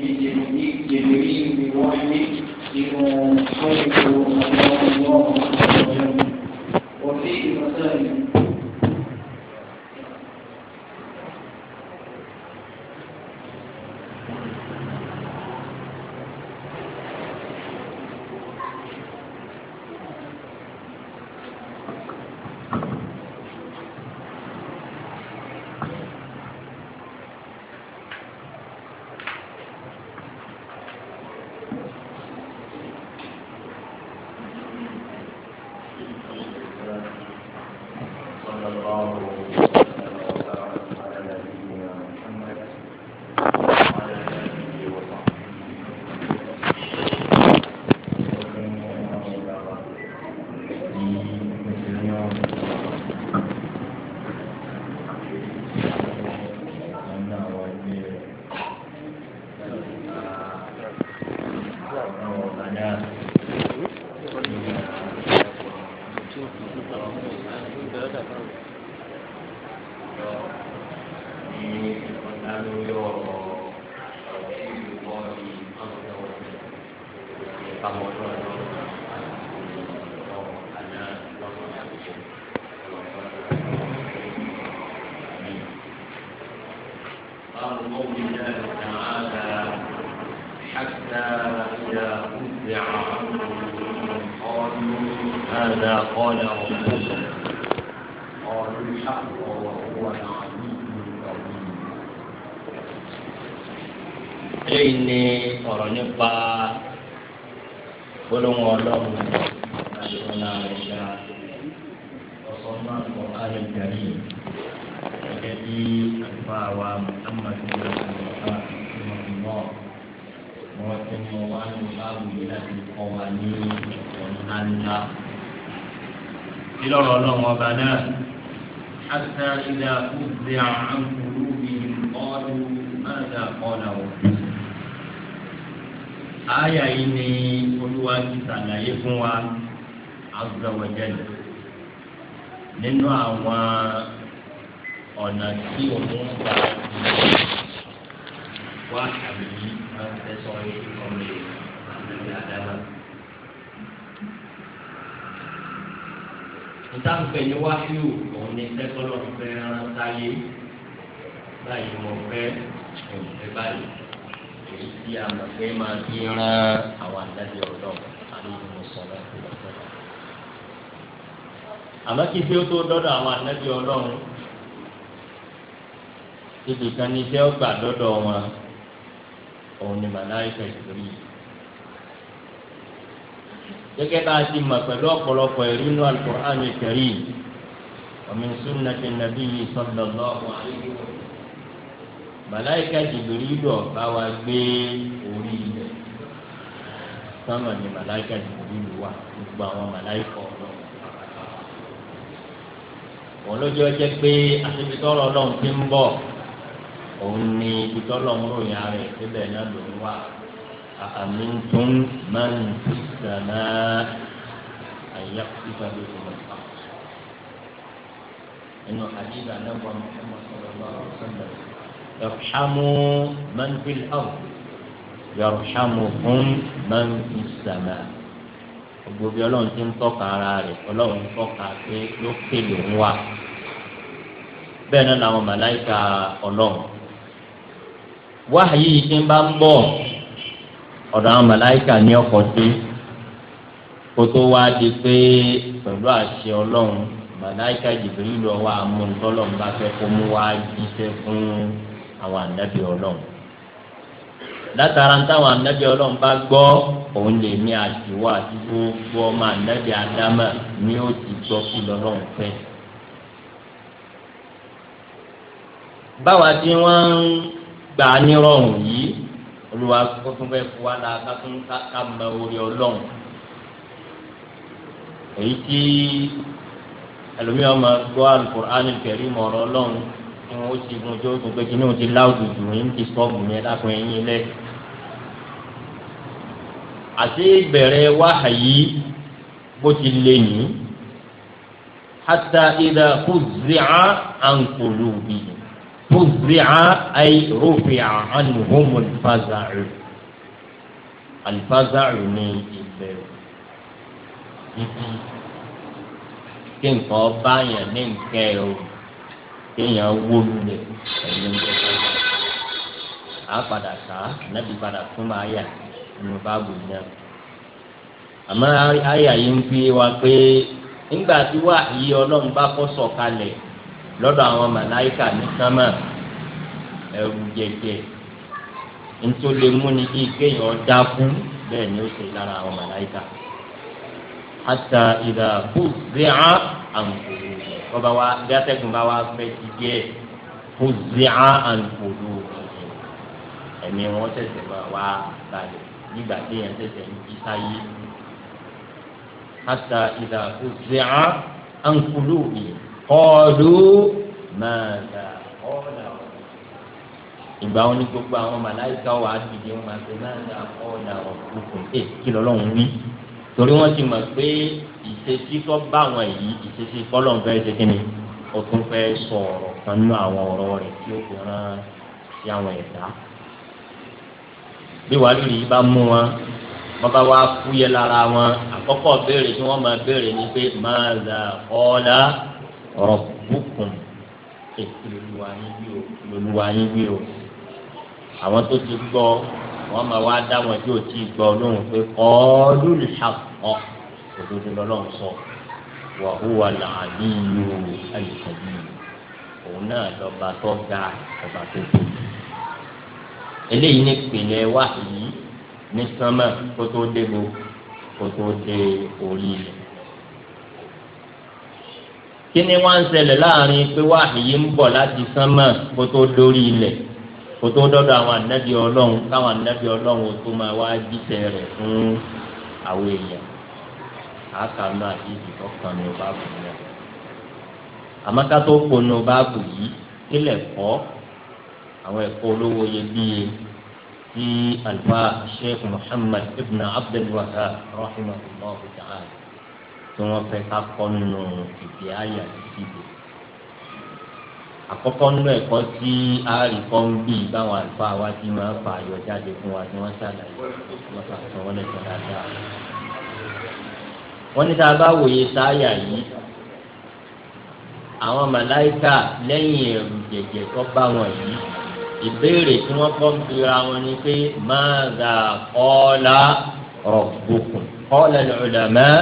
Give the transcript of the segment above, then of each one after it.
جبريل بوحي إلى خير الله وفيه مسائل ìlọrọ Ọlọ́run ọba náà hatta ìdá kúndé àǹkúrú mi ọdún mẹ́ta kọlà o. àyà yìí ni olúwa ti sàlàyé fún wa azza wa jalla nínú àwọn ọ̀nà tí òun gba wá àbí máa ń tẹ́sọ̀ ẹ́ ọmọ ìlú àti ìtàkùnkẹ́ ni wáhíù òun ni lẹ́kọ́lọ́ fẹ́ rán táyé báyìí mo fẹ́ òǹfẹ́ báyìí èyí tí a mọ̀ pé máa fi rán àwọn àdájọ́ ọlọ́run àlejò mo sọ̀rọ̀ ìgbàgbọ́. àmọ́ kí tí ó tó dọ́dọ̀ àwọn àdájọ́ ọlọ́run ibìkan ni iṣẹ́ ó gbà dọ́dọ̀ wọn òun ni màláìka ìgbòrí yìí gẹ́gẹ́ bá a ti mọ̀ pẹ̀lú ọ̀pọ̀lọpọ̀ ẹ̀rí inú al-Qur'an al-Karim wa min sunnati nabiyyi sallallahu alaihi wa sallam màláìka jìbìrì dọ̀ bá wa gbé orí ilẹ̀ sọ́mọ̀ ni màláìka jìbìrì lù wá gbogbo àwọn màláìka ọ̀rọ̀ wọn lójú ọjọ́ pé àtibítọ́rọ̀ ọlọ́run ti ń bọ̀ òun ni ibítọ́rọ̀ ń ròyìn ara ẹ̀ síbẹ̀ náà lòún wà أأمنتم من في السماء أن يقصف بكم الأرض إن حديث عن محمد صلى الله عليه وسلم ارحموا من في الأرض يرحمكم من في السماء gbogbo bí ọlọ́run ti ń tọ́ka ara rẹ̀ ọlọ́run ń tọ́ka pé ló kéde ń wá bẹ́ẹ̀ náà làwọn màláìka ọlọ́run wáhàyí yìí ti ń bá ń bọ̀ ọ̀dọ̀ àwọn màláìkà ní ọkọ̀ dé kótó wá di pé pẹ̀lú àṣẹ ọlọ́run màláìkà Jibril lọ wá amúntọ́lọ́run bá fẹ́ kó mú wá jíṣẹ́ fún àwọn ànábì ọlọ́run látara táwọn ànábì ọlọ́run bá gbọ́ òun lè ní àṣìwọ́ àti gbogbo ọmọ ànábì Ádámà ni ó ti gbọ́ kí lọ́lọ́run fẹ́. báwa tí wọ́n ń gbà nírọ̀rùn yìí olùwà kó tún bẹ́ẹ̀ fún wa la ká tún ká mọ orí ọlọ́run èyí tí ẹlòmíràn máa gbọ́ alukur'an kẹrí mọ̀ọ́rọ́ ọlọ́run tí wọ́n ti gun tó tún pé kí ni o ti láwùjọ jù yín ti sọ́ọ̀bù mi lápò ẹ̀yìn lẹ́ àti ìbẹ̀rẹ̀ wáhàyí bó ti lé yìí hátà ìdá kú zìá àǹkóló bìí. فزع أي رفع عنهم الفزع الفزع من البر kí nǹkan ọba yẹn ní nǹkan ẹ o kéèyàn wó lulẹ̀ ẹ̀yìn nǹkan á padà ká nàbí padà fún máa yà nínú báàbò náà àmọ́ àyà yìí ń fi wá pé nígbà tí wàá yí ọlọ́run bá kọ́ sọ̀kalẹ̀ lọ́dọ̀ àwọn màláìkà ní sámà ẹ̀rù jẹjẹ nítorí lè mú ni kí kéèyàn dákú bẹ́ẹ̀ ni ó ṣe lára àwọn màláìkà hata ìdá fúzíà àǹkòrò kọba wa bí atẹ́gùn bá wa fẹ́ ti díẹ̀ fúzíà àǹkòrò ẹ̀mí wọn ṣẹ̀ṣẹ̀ máa wá balẹ̀ nígbà téèyàn ṣẹ̀ṣẹ̀ ń jí sáyé hata ìdá fúzíà àǹkòrò yìí kọ́ọ̀dù máa dà kọ́ọ̀dà ìgbà wọn ni gbogbo àwọn màláìka wà á dìde wọn máa ṣe máa dà kọ́ọ̀dà ọ̀kùnkùn ẹ̀ kí lọ́lọ́run wí torí wọ́n ti mọ̀ pé ìṣesí tó bá wọn yìí ìṣesí kọ́lọ́n fẹ́ ṣe kíni o tún fẹ́ sọ ọ̀rọ̀ kan nínú àwọn ọ̀rọ̀ rẹ̀ tí ó fi rán sí àwọn ẹ̀dá bí wàá lùlì yìí bá mú wọn wọn bá wá fúyẹ́ lára wọn àkọ́kọ́ béèrè tí wọ́n máa béèrè ni pé máa dà kọ́ọ̀dà rabbukum lolúwayín wí o àwọn tó ti gbọ́ wọn máa wá dá wọn tí ò tí ì gbọ́ lóhùn pé qalu al-haqqa òdodo lọ́lọ́run sọ wa huwa al-aliyyu al òun náà lọ́ba tó ga ọba tó tóbi eléyìí ní ìpìlẹ̀ wáyé ní sánmà kótó débo kótó dé orí rẹ̀ kí ni wọ́n ń ṣẹlẹ̀ láàrin pé wáhìyí ń bọ̀ láti sánmà kó tó dórí ilẹ̀ kó tó dọ́dọ̀ àwọn ànábì ọlọ́run káwọn ànábì ọlọ́run tó máa wá jíṣẹ́ rẹ̀ fún àwọn èèyàn àkànú àdìsí ọkàn ní báàbù náà àmọ́ ká tó ponú báàbù yìí kílẹ̀ kọ́ àwọn ẹ̀kọ́ olówó iyebíye tí alfa sheikh muhammad ibn abdul wahab rahimahullah ta'ala tí wọ́n fẹ́ ká kọ́ nínú ìdí àyà ìdìbò. àkọ́kọ́ nínú ẹ̀kọ́ tí àárìkọ́ ń bì báwọn àlùfáà wa ti máa fà yọ jáde fún wa tí wọ́n ṣàlàyé wọ́n ṣàtọ̀ wọ́n lẹ́sẹ̀ dáadáa. wọ́n ní tá a bá wòye sáyà yìí àwọn màláìka lẹ́yìn ẹ̀rù jẹ̀jẹ̀ tó bá wọn yìí ìbéèrè tí wọ́n kọ́ ń fira wọn ni pé máa gà kọ́ la rọ̀ bùkún kọ́ lẹ́nu ọ̀dà mẹ́.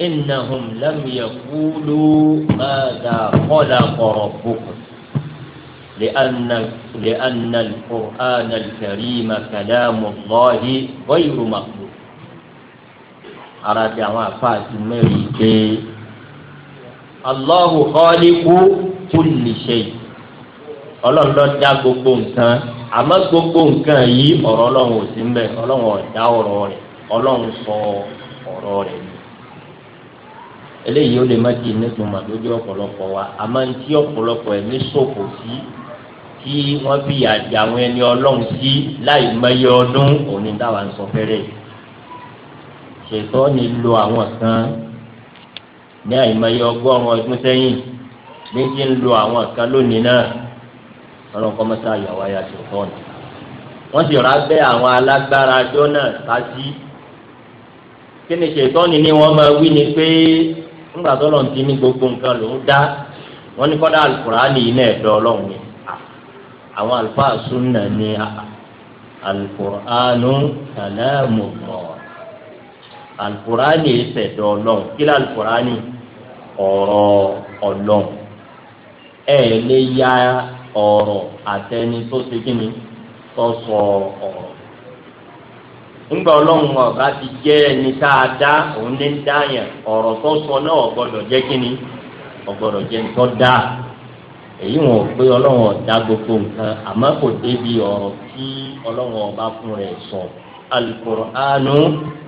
إنهم لم يقولوا ماذا خلق ربكم لأن لأن القرآن الكريم كلام الله غير مخلوق أراد أن الله خالق كل شيء ọlọ́run ló dá gbogbo nǹkan àmọ́ gbogbo nǹkan yìí ọ̀rọ̀ ọlọ́run ò sí mbẹ̀ ọlọ́run ò dá ọ̀rọ̀ rẹ̀ sọ ọ̀rọ̀ rẹ̀ eléyìí ó lè má di nítumọ̀ lójú ọ̀pọ̀lọpọ̀ wa àmọ́ ní tí ọ̀pọ̀lọpọ̀ ẹ̀mí ṣòfò sí tí wọ́n fi àjà àwọn ẹni ọlọ́run sí láì mẹ́yẹ ọdún òní dáwà ń sọ fẹ́rẹ̀ ṣètò ni lo àwọn kan ní àìmọye ọgọ́rùn-ún ọdún sẹ́yìn ní ti ń lo àwọn kan lónìí náà ọlọ́run kọ́ mọ́tà àyàwó ayà ṣètò ọ̀nà wọ́n sì rà bẹ́ àwọn alágbára jọ́nà sásí kí ni ṣètò ni wọ́n máa wí ni pé nígbà tó lọ́n ti ní gbogbo nǹkan lòún dá wọ́n ní kọ́dá alukurani yìí náà ẹ̀dọ́ ọlọ́run ni àwọn àlùfáà sunna ni alukuranu kàlámù lọ ni yìí ṣẹ̀dọ́ ọlọ́run kí ló alukurani ọ̀rọ̀ ọlọ́run ẹ̀ lè ya ọ̀rọ̀ àtẹni tó ṣe kí ni tó sọ ọ̀rọ̀ ńgbà ọlọ́run ọ̀gá ti jẹ́ ẹni tá a dá òun ní dá yẹn ọ̀rọ̀ tó sọ náà ọ̀gbọ́dọ̀ jẹ́ kínní ọ̀gbọ́dọ̀ jẹ́ tó dá èyí wọn ò pé ọlọ́run ọ̀dá gbogbo nǹkan àmọ́ kò débi ọ̀rọ̀ tí ọlọ́run ọba fún rẹ̀ sọ alukur'anu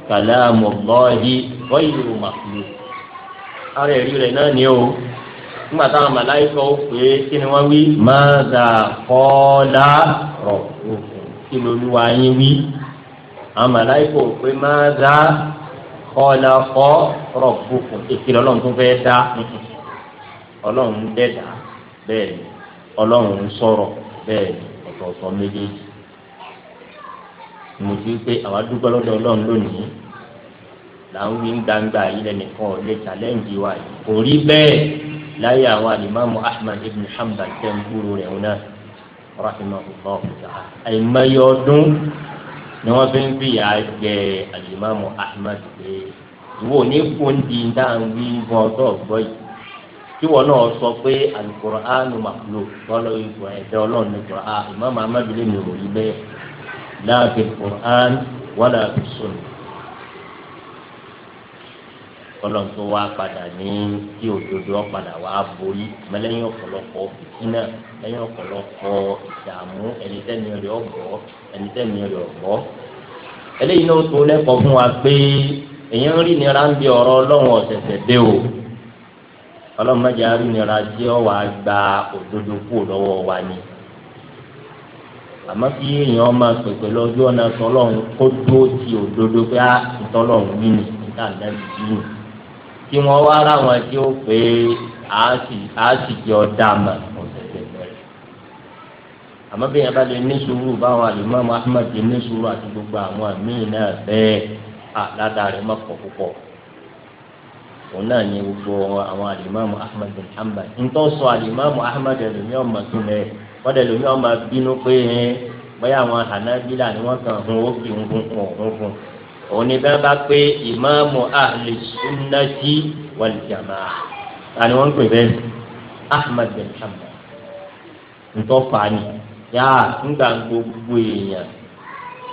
kalamullahi ghayru makhluq ara ẹ̀rí rẹ̀ náà ni o nígbà táwọn màláìkọ ó pé kí ni wọ́n wí. máa dà kọ́ la rọ̀ kí lolúwa yín wí àwọn màláìkò pé máa dá ọ̀là kọ́ rọ̀bùkù ìkìlọ̀ ọlọ́run tó fẹ́ dá ọlọ́run ń dẹ́dà bẹ́ẹ̀ ni ọlọ́run ń sọ̀rọ̀ bẹ́ẹ̀ ni ọ̀tọ̀ọ̀tọ̀ méjèèjì mo ti pé àwọn adúgbò lọ́dọ̀ ọlọ́run lónìí là ń wí gbangba yìí lẹ́nìkan lè challenge wa yìí kò rí bẹ́ẹ̀ láyé àwọn alimami ahmed ibn hanbal tẹ́ ń gbúrò rẹ̀ wọn náà rahimahullah àìmọye ọdún. ni wọn fi ń fi yà jẹ alimami ahmed pé ìwọ ní kóńdì dáhùn wí gan ọdọ ọgbọ yìí tí wọn náà sọ pé alukóraanu maklo tọlọ ìgbọ ẹdẹ Ọlọ́run ní kóraanu imam ahmed lè mi ò rí bẹ́ẹ̀ láàbẹ kọlọ́n tó wá padà ní tí òdodo ọ̀padà wá borí mẹlẹ́yìn ọ̀pọ̀lọpọ̀ fìtínà lẹ́yìn ọ̀pọ̀lọpọ̀ ìdààmú ẹnitẹ́ni rẹ̀ ọ̀gbọ́ ẹnitẹ́ni rẹ̀ ọ̀gbọ́. eléyìí náà tó lẹ́kọ̀ọ́ fún wa pé èèyàn rí nira ń bi ọ̀rọ̀ ọlọ́run ọ̀sẹ̀sẹ̀ dé o ọlọ́run mẹ́jẹ rí nira tí ó wàá gba òdodo kú lọ́wọ́ wa ni àmọ́ kí èèyàn máa pèpè lọ́jọ́ náà tọ́lọ́run kó dúró ti òdodo pé á ah, yìí ni ìtàn náà yìí ni. kí wọn wá ráwọn tí ó pé àá sì jẹ́ ọ̀dà mà àmọ́ bí yẹn bá lè ní sùúrù báwọn àlùmọ́ọ́mù ahmed ní sùúrù àti gbogbo àwọn àmì náà bẹ́ẹ̀ àládàárẹ̀ má púpọ̀ òun náà ní gbogbo àwọn alimami ahmed bin alimami ahmed ẹlòmí ọmọ wọ́n dẹ̀ ọmọ bínú pé àwọn ni wọ́n kàn òun ni bẹ́ẹ̀ bá pé ìmáàmù ahli sunnati wal jamaa àni wọ́n ń pè bẹ́ẹ̀ ahmed bin hanbal ntọ́ fani yá nígbà gbogbo èèyàn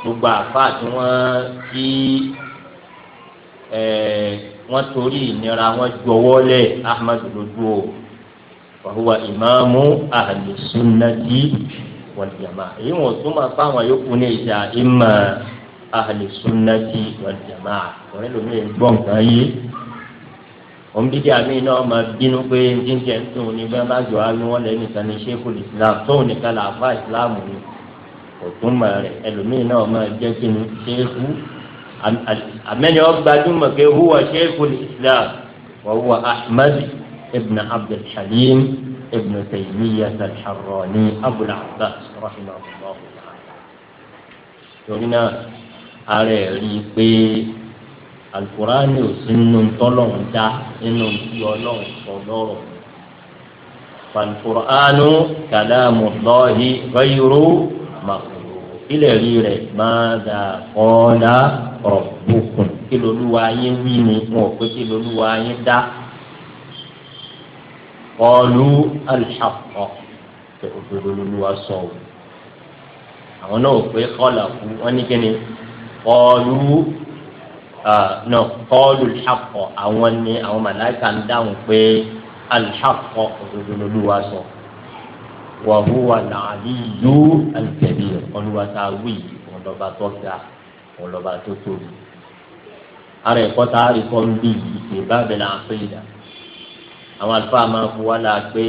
gbogbo àfa tí wọ́n ti wọ́n torí ìnira wọ́n jọwọ́ lẹ̀ ahmed lójú o wàhùwà ìmáàmù ahli sunnati wal jamaa èyí wọ́n tún máa fáwọn yòókù ní ìjà ìmọ̀ ahli sunnati wal jamaa ọ̀rẹ́ lómi ẹ̀ gbọ́ nǹkan yé òǹdídé àmì náà máa bínú pé jíjẹ ń tóun ní bẹ́ẹ̀ bá jọ àánú wọn lẹ́nu ìtàn ní sẹ́kù islam tóun nìkan là fà islam ni kò tún mọ̀ rẹ̀ ẹlòmíì náà máa jẹ́ kí ni sẹ́kù àmẹ́ni wọn gbajúmọ̀ pé huwa sẹ́kù islam wa huwa ahmed ibn abdul halim ibn taymiya al-harrani abul abbas rahimahullah torí ara ẹ̀ rí i pé alukurani ò sí nínú tọ́lọ́hún dá nínú tí ọlọ́hún sọ lọ́rọ̀ alukurani kàlámù lọ́hí ghayru màkúrò ilẹ̀ rí rẹ̀ máa dà kọ́lá rabbukum kí lolúwa yín wí ni wọn ò pé kí lolúwa yín dá kọlu alḥaqqa tó o tó lolúwa sọ àwọn náà ò pé kọ́là kú wọ́n ní kíni kọlu uh, nà kọlu alḥaqọ àwọn ni àwọn màláìka ń dáhùn pé alḥaqọ òdòdó wa sọ wa huwa al-aliyyu al-kabir ọlùwàtà wí ọlọba tó ga ọlọba tó tóbi ara ẹ̀kọ́ tá a rí kọ́ ń bí ìgbé bẹ̀rẹ̀ àpéyìdá àwọn àlùfáà máa ń fọwọ́ la pé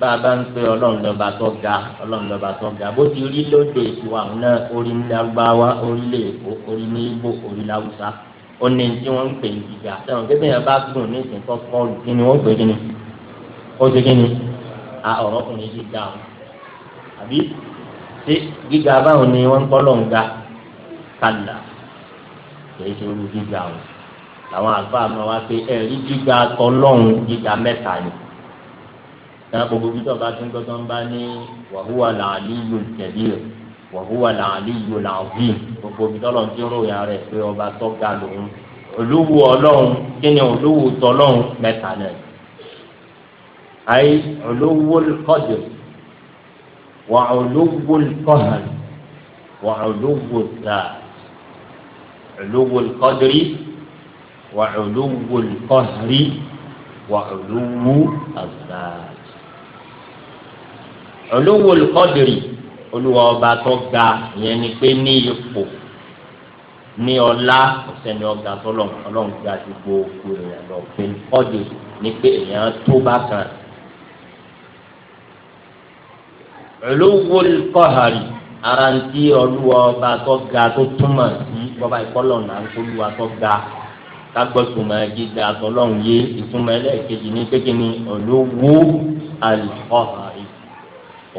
bá a bá ń pe ọlọ́run lọ́ba tó ga ọlọ́run lọ́ba tó ga bó ti rí lóde ìwà náà orí lárúbáwá orílẹ̀ èkó orí ní ibo orí láwùsá ó ní tí wọ́n ń pè ní gíga sẹ́wọ̀n kébé yẹn bá gùn ní ìsìn kọ́kọ́ kí ni wọ́n pè kí ni ó ti kí ni a ọ̀rọ̀ kùn ní gíga o àbí ṣé gíga báwọn ni wọ́n ń kọ́ lọ́n ga kàlà kìí ṣe olú gíga o làwọn àlùfáà máa wá pé ẹ̀rí gíga tọ́lọ́run gíga mẹ́ta ni ẹ gbogbo bí tọ́ba tí ń gbọ́ tó ń bá ní wàhúwà làálíyò kabir wàhúwà làálíyò làázim gbogbo bí tọ́lọ̀ ń dúró ya rẹ̀ pé ọba tó ga lòun olówó ọlọ́run kí ni olówó tọ́lọ́run mẹ́ta náà ayé olówó kọ́dù wà olówó kọ́hàn wà olówó tà olówó kọ́dùrí wà olówó kọ́hìrí wà olówó àgbà olówó olùkọ́dìrì olúwa ọba tó ga ìyẹn ni pé ní ipò ní ọlá ọ̀sẹ̀ni ọ̀gá tọ́lọ̀ ọlọ́run gba ti gbogbo èèyàn lọ pé kọ́dì ni pé èèyàn tó bá kan. olówó olùkọ́hàrì ara ń tí olúwa ọba tó ga tó túmọ̀ sí bọ́bá ìkọ́lọ̀ náà ń tó ga kagbọ́sùnmọ́ gíga tọ́lọ́run yé ìtumọ̀ ẹlẹ́ẹ̀kejì ní pékinni olówó alùpọ̀hàrì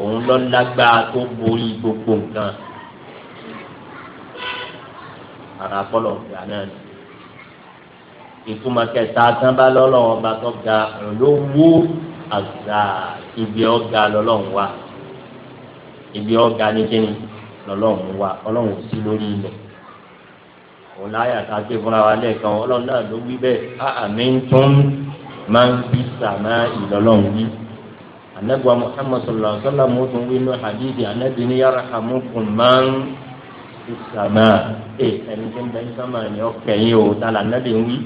òun lọ lágbára tó borí gbogbo nǹkan ara kọlọ ọgbà náà ni ìtumọ̀ kẹta tán bá lọ́lọ́wọ́ ọba tó ga ló wú àgbà ibi ọ̀gá lọ́lọ́run wa ibi ọ̀gá ní kíni lọ́lọ́run wa ọlọ́run sí lórí ilẹ̀ òun láyà ká ké fúnra wa lẹ́ẹ̀kan ọlọ́run náà ló wí bẹ́ẹ̀ àmì ń tún máa ń bí sàmá ìlọ́lọ́run yìí anagba muhammad sallallahu alaihi wa sallam mo tún wínú hadithi anabi ni yarhamukum man ìsàmà ẹ ẹni tí ń bẹ ń sàmà ni ọkẹyìn o tala anabi ń wí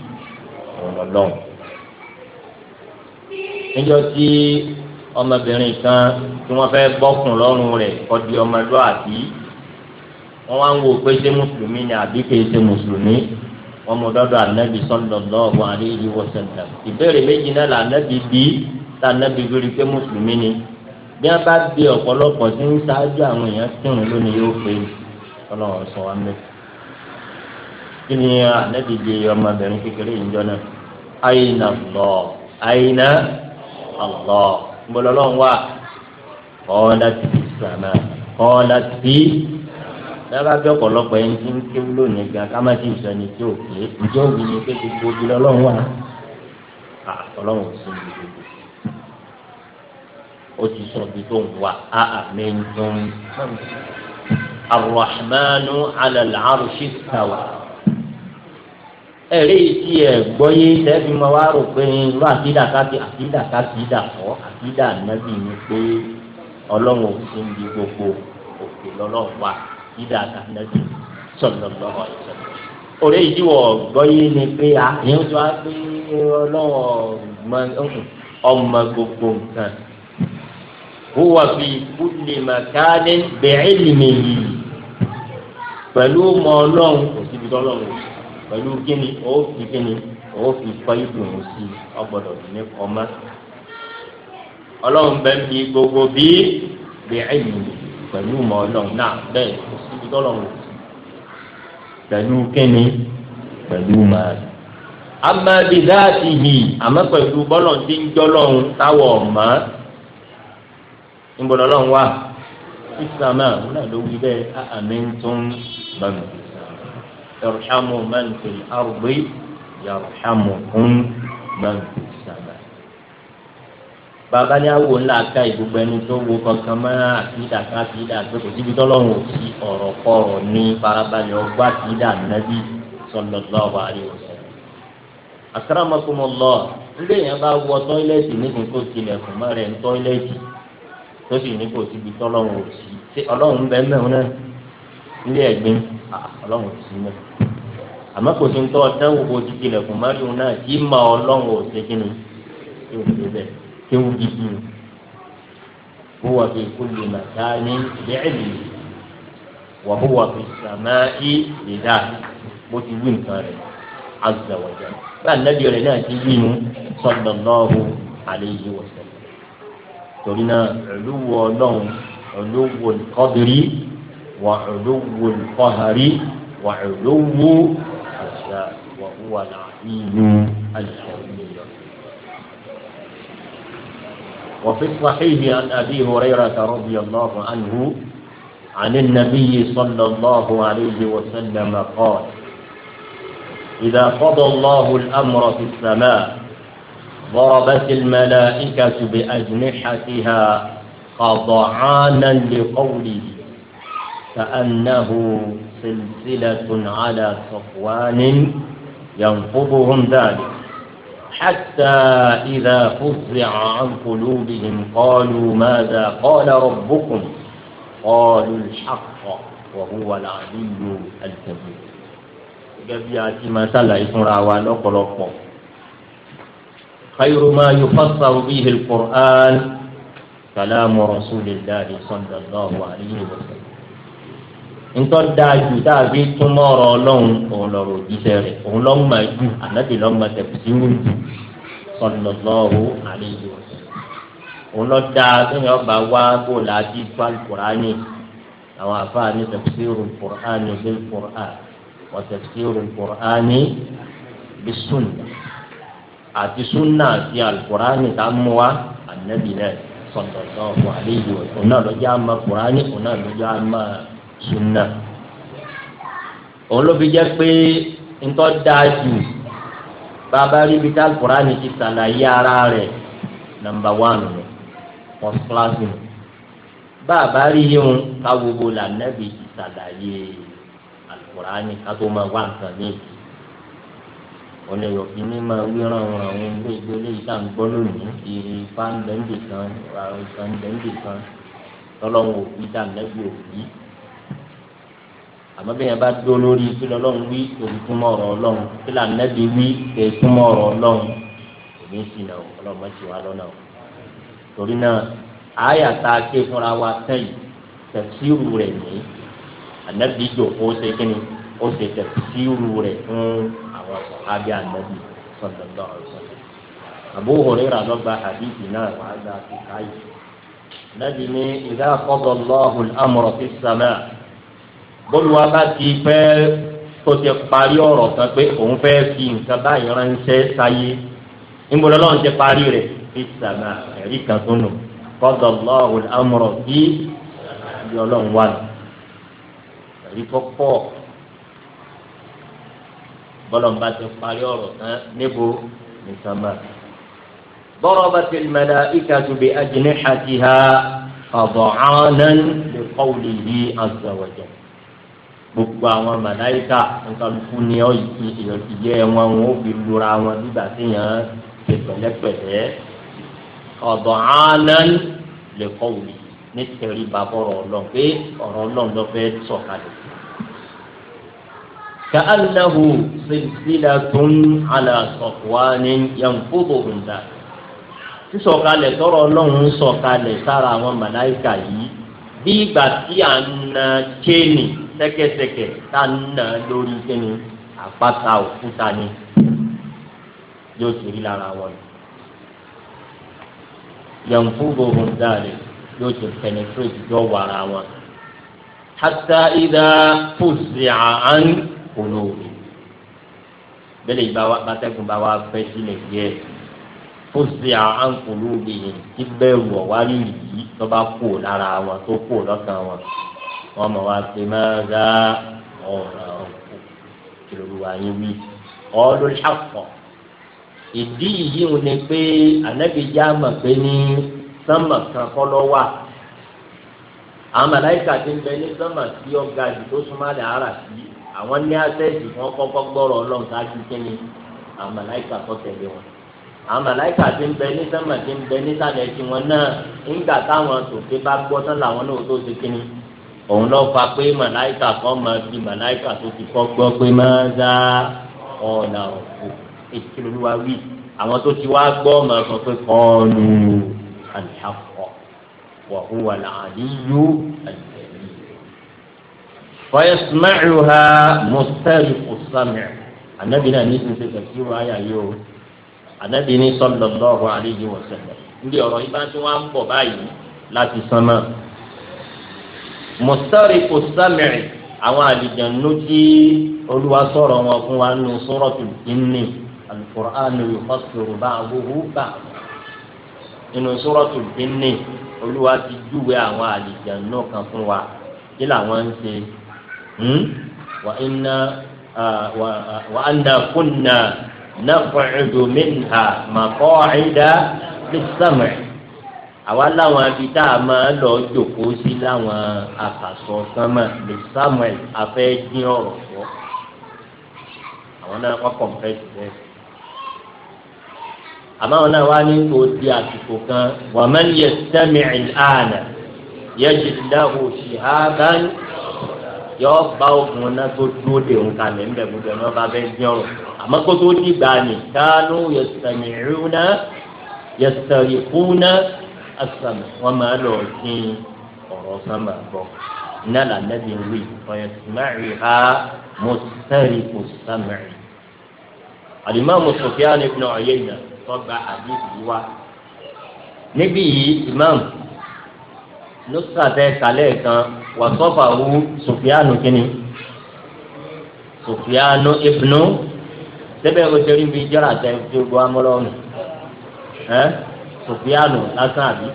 ọlọlọ. níjọ́ tí ọmọbìnrin kan tí wọ́n fẹ́ bọ́kùn lọ́rùn rẹ̀ ọdí ọmọlúwàbí wọ́n wá ń wo pé ṣé mùsùlùmí ni àbí kì í ṣe mùsùlùmí wọ́n mú dọ́dọ̀ anabi sallallahu alaihi wa sallam ìbéèrè méjì náà là anabi bíi tá a nábì lórí pé mùsùlùmí ni bí wọn bá gbé ọ̀pọ̀lọpọ̀ tí ń ṣáájú àwọn èèyàn kírun lónìí yóò pé Ọlọ́run sọ wá mẹ kí ni ànábì di ọmọbìnrin kékeré yìí jọ náà àyìnà lọ àyìnà àlọ gbọlọlọrun wà kọ́ọ́lá ti fi sàmà kọ́ọ́lá ti fi dábàá bí ọ̀pọ̀lọpọ̀ ẹni tí ń kéwú lónìí gan ká má ti sọ ni tí ò pé ǹjẹ́ òbí ni pé gbogbo obìnrin wà Ọlọ́run ò sí gbogbo ó ti sọ bí tó ń wà á àmẹ́ńtún. arrahmanu ala al-arshi istawa. ẹ̀rí tí ẹ̀ gbọ́ yé tẹ́bí ma wá rò pé irú àkídà káfí àkídà káfí dà fọ́ àkídà nàbì ni pé ọlọ́run ò sí ní gbogbo òkè lọ́lọ́run wa àkídà nàbì sallallahu alaihi wasallam òré ìdíwọ̀ gbọ́yé ni pé àyẹ̀wò tó wá pé ọlọ́run ọmọ gbogbo nǹkan huwa fi kulli makanin bi'ilmihi pẹ̀lú ọmọ ọlọ́run kò síbi tó ọlọ́run pẹ̀lú kíni ó fi kíni ó fi fọ́ ìdùnnú sí ọgbọ́dọ̀ ní kọ́má ọlọ́run bẹ́ẹ̀ fi gbogbo bí bi'ilmihi pẹ̀lú ọmọ ọlọ́run náà bẹ́ẹ̀ kò síbi tó ọlọ́run pẹ̀lú kíni pẹ̀lú màá amadidaati yìí àmọ́ pẹ̀lú bọ́lọ̀ tí ń jọ́ lọ́run táwọ̀ nbọdọ lọ wa isama wọn náà ló wí bẹ́ẹ̀ àmìntún bàmí irhamu man fil ardi yarhamukum man fis sama. bàbá ní awo ńlá ká ìgbogbo ẹni tó wo kankan mọ́ àkídà ká àkídà pé kò síbi tọ́lọ́run ò ọ̀rọ̀ kọ̀rọ̀ ní farabalẹ̀ ọgbà àkídà nàbí sallallahu alaihi wasallam. akramakumullah ńlẹ̀ yẹn bá wọ tọ́ílẹ̀tì nígbà tó tilẹ̀kùn mọ́ rẹ̀ ń tọ́ílẹ̀tì tó sì ní kò síbi tí ọlọ́run ò sí ṣé ọlọ́run ń bẹ mẹ́rin náà ilé ẹ̀gbin ọlọ́run ò sí mẹ́rin àmọ́ kò sí ń tọ́ dánwò kó ti tilẹ̀kùn márùn náà kí ma ọlọ́run ò ṣe kí kí o lè bẹ̀ kí o di kí kó wà fi kulli makani bi'ilmi wa huwa fi samai ìdá bó ti wí nǹkan rẹ̀ azza wa jalla rẹ̀ náà ti wí mu sallallahu torí علو لهم علو القدر وعلو القهر وعلو kọ́hàrí وهو العليم الحميد وفي الصحيح عن أبي هريرة رضي الله عنه عن النبي صلى الله عليه وسلم قال إذا قضى الله الأمر في السماء ضربت الملائكة بأجنحتها خضعانا لقوله كأنه سلسلة على صفوان ينقضهم ذلك حتى إذا فزع عن قلوبهم قالوا ماذا قال ربكم قالوا الحق وهو العلي الكبير. gẹ́gẹ́ bí a ti máa ṣàlàyé fúnra wa lọ́pọ̀lọpọ̀ خير ما يفسر به القرآن كلام رسول الله صلى الله عليه وسلم ntọ́ daa ju tá a fi túmọ̀ ọ̀rọ̀ ọlọ́run òun lọ́rọ̀ òjíṣẹ́ rẹ̀ òun lọ́n ma ju ànábì lọ́n ma tẹ̀ sí wù ju sallallahu alayhi wa sallam òun lọ́ daa sẹ́yìn ọba wá bó la ti fa kùránì àwọn afáà ní tafsirul kùránì bil kùránì wa tafsirul kùránì bis sunnah àti sunna àti alukurani tá a mú wa anabi náà sallallahu alayhi wa sallam ọ̀nà lọ́jọ́ àmà kurani ọ̀nà lọ́jọ́ àmà sunna. olóbi jẹ́ pé ntọ́ dáa jù bàbá rí ibi tá alukurani ti sàlàyé ara rẹ̀ nàmbà wánù rẹ̀ first class nù bàbá rí yíwọn káwọ́ bó la anabi ti sàlàyé alukurani kátó máa wá nǹkan mìíràn ọ̀nà ìyọ̀fin ní máa wí ran àwọn àwọn ilé ìgbé ilé ìta ń gbọ́ lónìí ìrì fáńdẹ́ǹdì kan àrùn fáńdẹ́ǹdì kan tọ́lọ́hún òbí dà lẹ́bí òbí àmọ́ bí yẹn bá dó lórí kí lọ́lọ́hún wí òbí túmọ̀ ọ̀rọ̀ ọlọ́hun kí là nẹ́bí wí kè túmọ̀ ọ̀rọ̀ ọlọ́hun òbí ń sìn náà ọlọ́mọ sì wá lọ́nà o torí náà àáyà tá a ké fúnra wa sẹ́yìn tẹ̀síìrù rẹ̀ àwọn sọ̀hábí ànábì sọ̀dọ̀dọ̀ ọ̀sọ̀dọ̀. Abu Huraira lọ́gba hadithi náà wà á gba kíkà yìí. Nàbì ni idha qadallahu al-amra fi as-samaa. Bólúwa bá ti pẹ́ tó ti parí ọ̀rọ̀ kan pé òun fẹ́ fi nǹkan báyìí ránṣẹ́ sáyé. Níbodò lọ́run ti parí rẹ̀ fi as ẹ̀rí kan tó nù. Qadallahu al-amra fi ìyọlọ́run wà ní. Ẹ̀rí tó bọ́lọ̀mbà ti parí ọ̀rọ̀ tán níbo ní sàmà. ضربت الملائكة بأجنحتها أضعانا لقوله عز وجل gbogbo àwọn màláìka nǹkan kú ni ọ ìyẹ wọn wọn ò fi lura wọn nígbà tí yàn ṣe pẹ̀lẹ́pẹ̀lẹ́ ọdọ àánán lè kọ òwì nítorí bàbá ọ̀rọ̀ Ọlọ́run pé ọ̀rọ̀ Ọlọ́run كأنه سلسلة على صفوان ينفضهم ذلك sísọ̀kalẹ̀ tọrọ Ọlọ́run sọ̀kalẹ̀ sára àwọn màláìka yìí bí ìgbà tí à ń na chéènì ṣẹ̀kẹ̀ṣẹ̀kẹ̀ tá à ń na lórí chéènì àpáta òkúta ni yóò ti rí lára wọn yẹnfu gbogbo dáre yóò ti penetrate jọ wàrà wọn hatta idha fuzzi'a an polówó bẹ́ẹ̀ ìgbà wa bàtẹ́kùn bá wa fẹ́ sílẹ̀ díẹ̀ fòsì àǹkùlù bìyìn tí bẹ́ẹ̀rù ọ̀wárí yìí tó bá kú lára wọn tó kú lọ́kàn wọn wọn mọ̀ wá pé máa dá ọ̀rọ̀ ọ̀kú kìlọ̀ wà ní wí ọ̀ọ́dún ṣàpọ̀ ìdí yìí ò ní pé ànábì já mọ̀ pé ní sánmà kan kọ́ lọ́ wà àwọn màláìkà ti ń bẹ ní sánmà tí ọ̀gá jù tó súnmọ́ àdàárà sí àwọn ní àṣẹ́sì wọn kọ́kọ́ gbọ́rọ̀ ọlọ́run ṣáájú kínní àwọn màláìkà tó tẹ̀lé wọn àwọn màláìkà ti ń bẹ ní sẹ́mà ti ń bẹ nísàlẹ̀ tí wọn náà ńgbà táwọn tòkè bá gbọ́ tán làwọn náà tó ṣe kínní òun lọ fa pé màláìkà kan máa fi màláìkà tó ti kọ́ gbọ́ pé máa ń dá ọ̀nà òkú ètùtù wí àwọn tó ti wá gbọ́ máa sọ pé kọ́ọ̀nù àlìhàkọ́ wà hùwà làdíyú àlìhàkọ́ fayasmacuha mustaabi kusamic anabi náà ní sísè tẹsíwò ayà yóò anabi ní sallallahu alayhi wa sallam ndí ọ̀rọ̀ yìí bá tí wọn ń bọ̀ báyìí láti sánmà mustaabi kusamic àwọn àlìjànú tí olúwa sọ̀rọ̀ wọn fún wa nù suratul jinni alukur'anu yufassiru ba'duhu ba'd nínú suratul jinni olúwa ti júwe àwọn àlìjànú kan fún wa kí làwọn ń ṣe. وإنا hmm? ah, ah, kunna كنا نقعد منها مقاعد للسمع àwa láwọn abi máa lọ jòkó sí láwọn àkàsọ sánmà lè samuel afẹ dín ọ̀rọ̀ fọ àwọn náà wá kọmpẹsì bẹ́ẹ̀ àmọ́ àwọn náà wá ní di àsìkò kan wàmẹ́lì yẹ sẹ́mi àná yẹ jìnnà òṣìṣẹ́ yọ bá ogun náà tó dúró de nǹkan mi ń bẹ̀ mú bẹ̀ wọ́n bá bẹ́ẹ̀ dín ọ̀rọ̀ àmọ́ kó tó dìgbà ni kánú yẹsẹ̀mìrúnà yẹsẹ̀rìkúnà àsàmì wọ́n máa lọ dín ọ̀rọ̀ sàmà bọ̀ nílà nàbí wí ọ̀yẹ̀sìmárì ha mọ̀sẹ̀rìkù sàmìrì. àdìmọ́ mùsùlùmí ni ibùnà ọ̀yẹ́ ìnà tọ́gbà àdìsí wa níbí yìí imam nusra tẹ kalẹ̀ kan wàsọ́fà wù sùfìànù kínní sùfìànù ìfúnú débẹ̀ òṣèré bíi jẹ́rà tẹ́ fi gbọ́ amọ́lọ́nù ẹ́ sùfìànù lásán àbí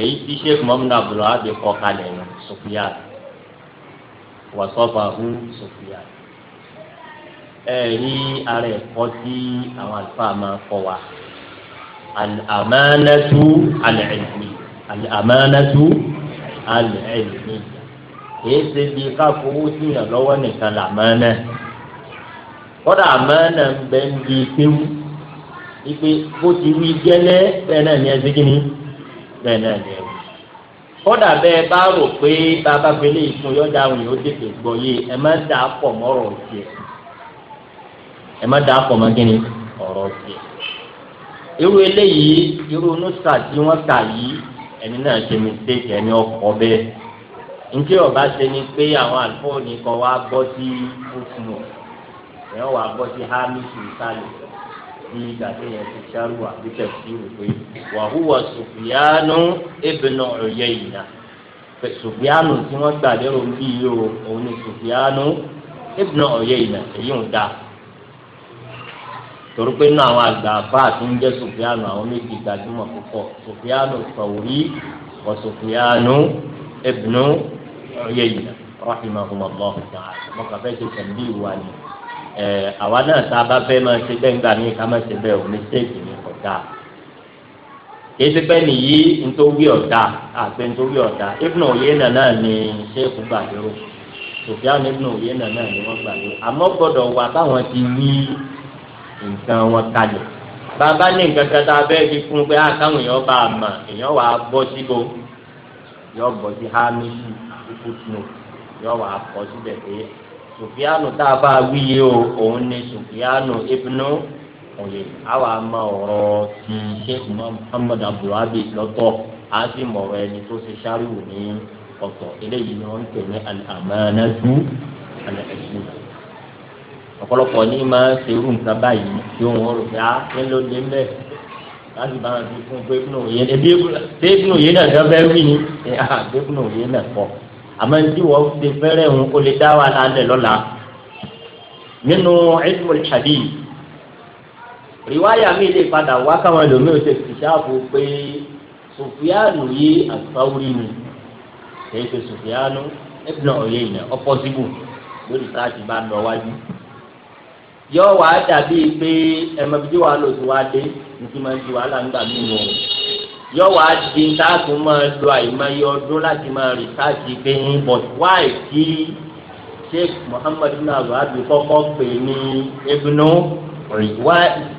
èyí tí sheikh muhammed abdullahi abi kọ kalẹ̀ nù sùfìànù wàsọ́fà wù sùfìànù ẹ̀rí ara ẹ̀kọ́ tí àwọn àlùfáà máa kọ́ wa al-amanatu al-ilmi al-amanatu kìí ṣe bí ká fowó síyàn lọ́wọ́ nìkan làmánà kọ́dà àmánà ń bẹ ń di ipe bó ti wí gẹ́lẹ́ bẹ́ẹ̀ náà ni ẹ ṣe ni bẹ́ẹ̀ náà ni ẹ wí. kọ́dà bẹ́ẹ̀ bá rò pé bàbá fele ìfún yọjà àwọn tètè gbọ́ yé ẹ má nusa tí wọ́n kà yìí ẹni náà ṣe dé ẹni njẹ ọba ṣe ni pé àwọn àlùfáà ní kọ wá gbọ́ sí fúnfún ọ ẹ̀ wá gbọ́ sí hamisu sálẹ̀ bí ìgbà tí yẹn ti ṣàrù àbí tẹ̀síwò pé wàhùwà sùfìyánù ìbìnà ọ̀yẹ́ ìyá sùfìyánù tí wọ́n gbà lérò bí yìí o òun ni sùfìyánù ìbìnà ọ̀yẹ́ ìyá èyí ń da torí pé náà àwọn àgbà àfáà tó ń jẹ́ sùfìyánù àwọn méjì gbajúmọ̀ púpọ̀ sùfìyánù sọ̀wúrí ọ̀ sùfìyánù ẹ̀yẹ yìí rahimahumullah mo kàn fẹ́ ṣe tẹ̀lé ìwà ni àwa náà tá a bá fẹ́ máa ṣe bẹ́ẹ̀ ńgbà mí ká má ṣe bẹ́ẹ̀ ò ní ṣéèkì ní ọ̀dà bẹ́ẹ̀ nìyí ọ̀dà àgbẹ̀ ọ̀dà òye nàná ni ṣéèkù òye nàná ni wọ́n àmọ́ gbọ́dọ̀ wà báwọn ti rí nǹkan wọn kalẹ̀ bàbá ní nǹkan footnote yóò wá kọ síbẹ̀ pé sùfìànù tá a bá wíyé o òun ni sùfìànù ibnu òye àwa ma ọ̀rọ̀ ti sheikh muhammad abdulwabi lọ́tọ̀ á sì mọ̀rọ̀ ẹni tó ṣe sáríwò ní ọ̀tọ̀ eléyìí ni wọ́n ń tẹ̀lé al-amanatu al-ilmiyya ọ̀pọ̀lọpọ̀ ní máa ń ṣerú nǹkan báyìí tí wọ́n rò pé á ah, ní ló lé mbẹ́ láti bá wọn fi fún pé ibùnú òye náà ṣe ibùnú òye náà ṣe fẹ́ wí ni àbẹ́bùnú òye náà kọ́ àmọ́ ní tí wọ́n fi fẹ́rẹ̀ ń kó lè dá wa lálẹ́ lọ́la nínú ilmul hadith riwaya mi lè padà wá káwọn ẹlòmíì ṣe kìsáàbù pé sùfìànù yìí àtàwùrì nù kìí ṣe sùfìànù ibn Uyayna ọ̀pọ̀sibù lórí sáàtì bá lọ wájú yọ wàá dàbí pé ẹmọ bíi wàá lò dé nítorí máa wàhálà nígbà mímu yọ wá di táàtún máa lo àìmọye ọdún láti máa rí káàkiri pé ń bọ̀ wáì tí sheikh muhammadu nàbà àbí kọ́kọ́ pè ní ebínú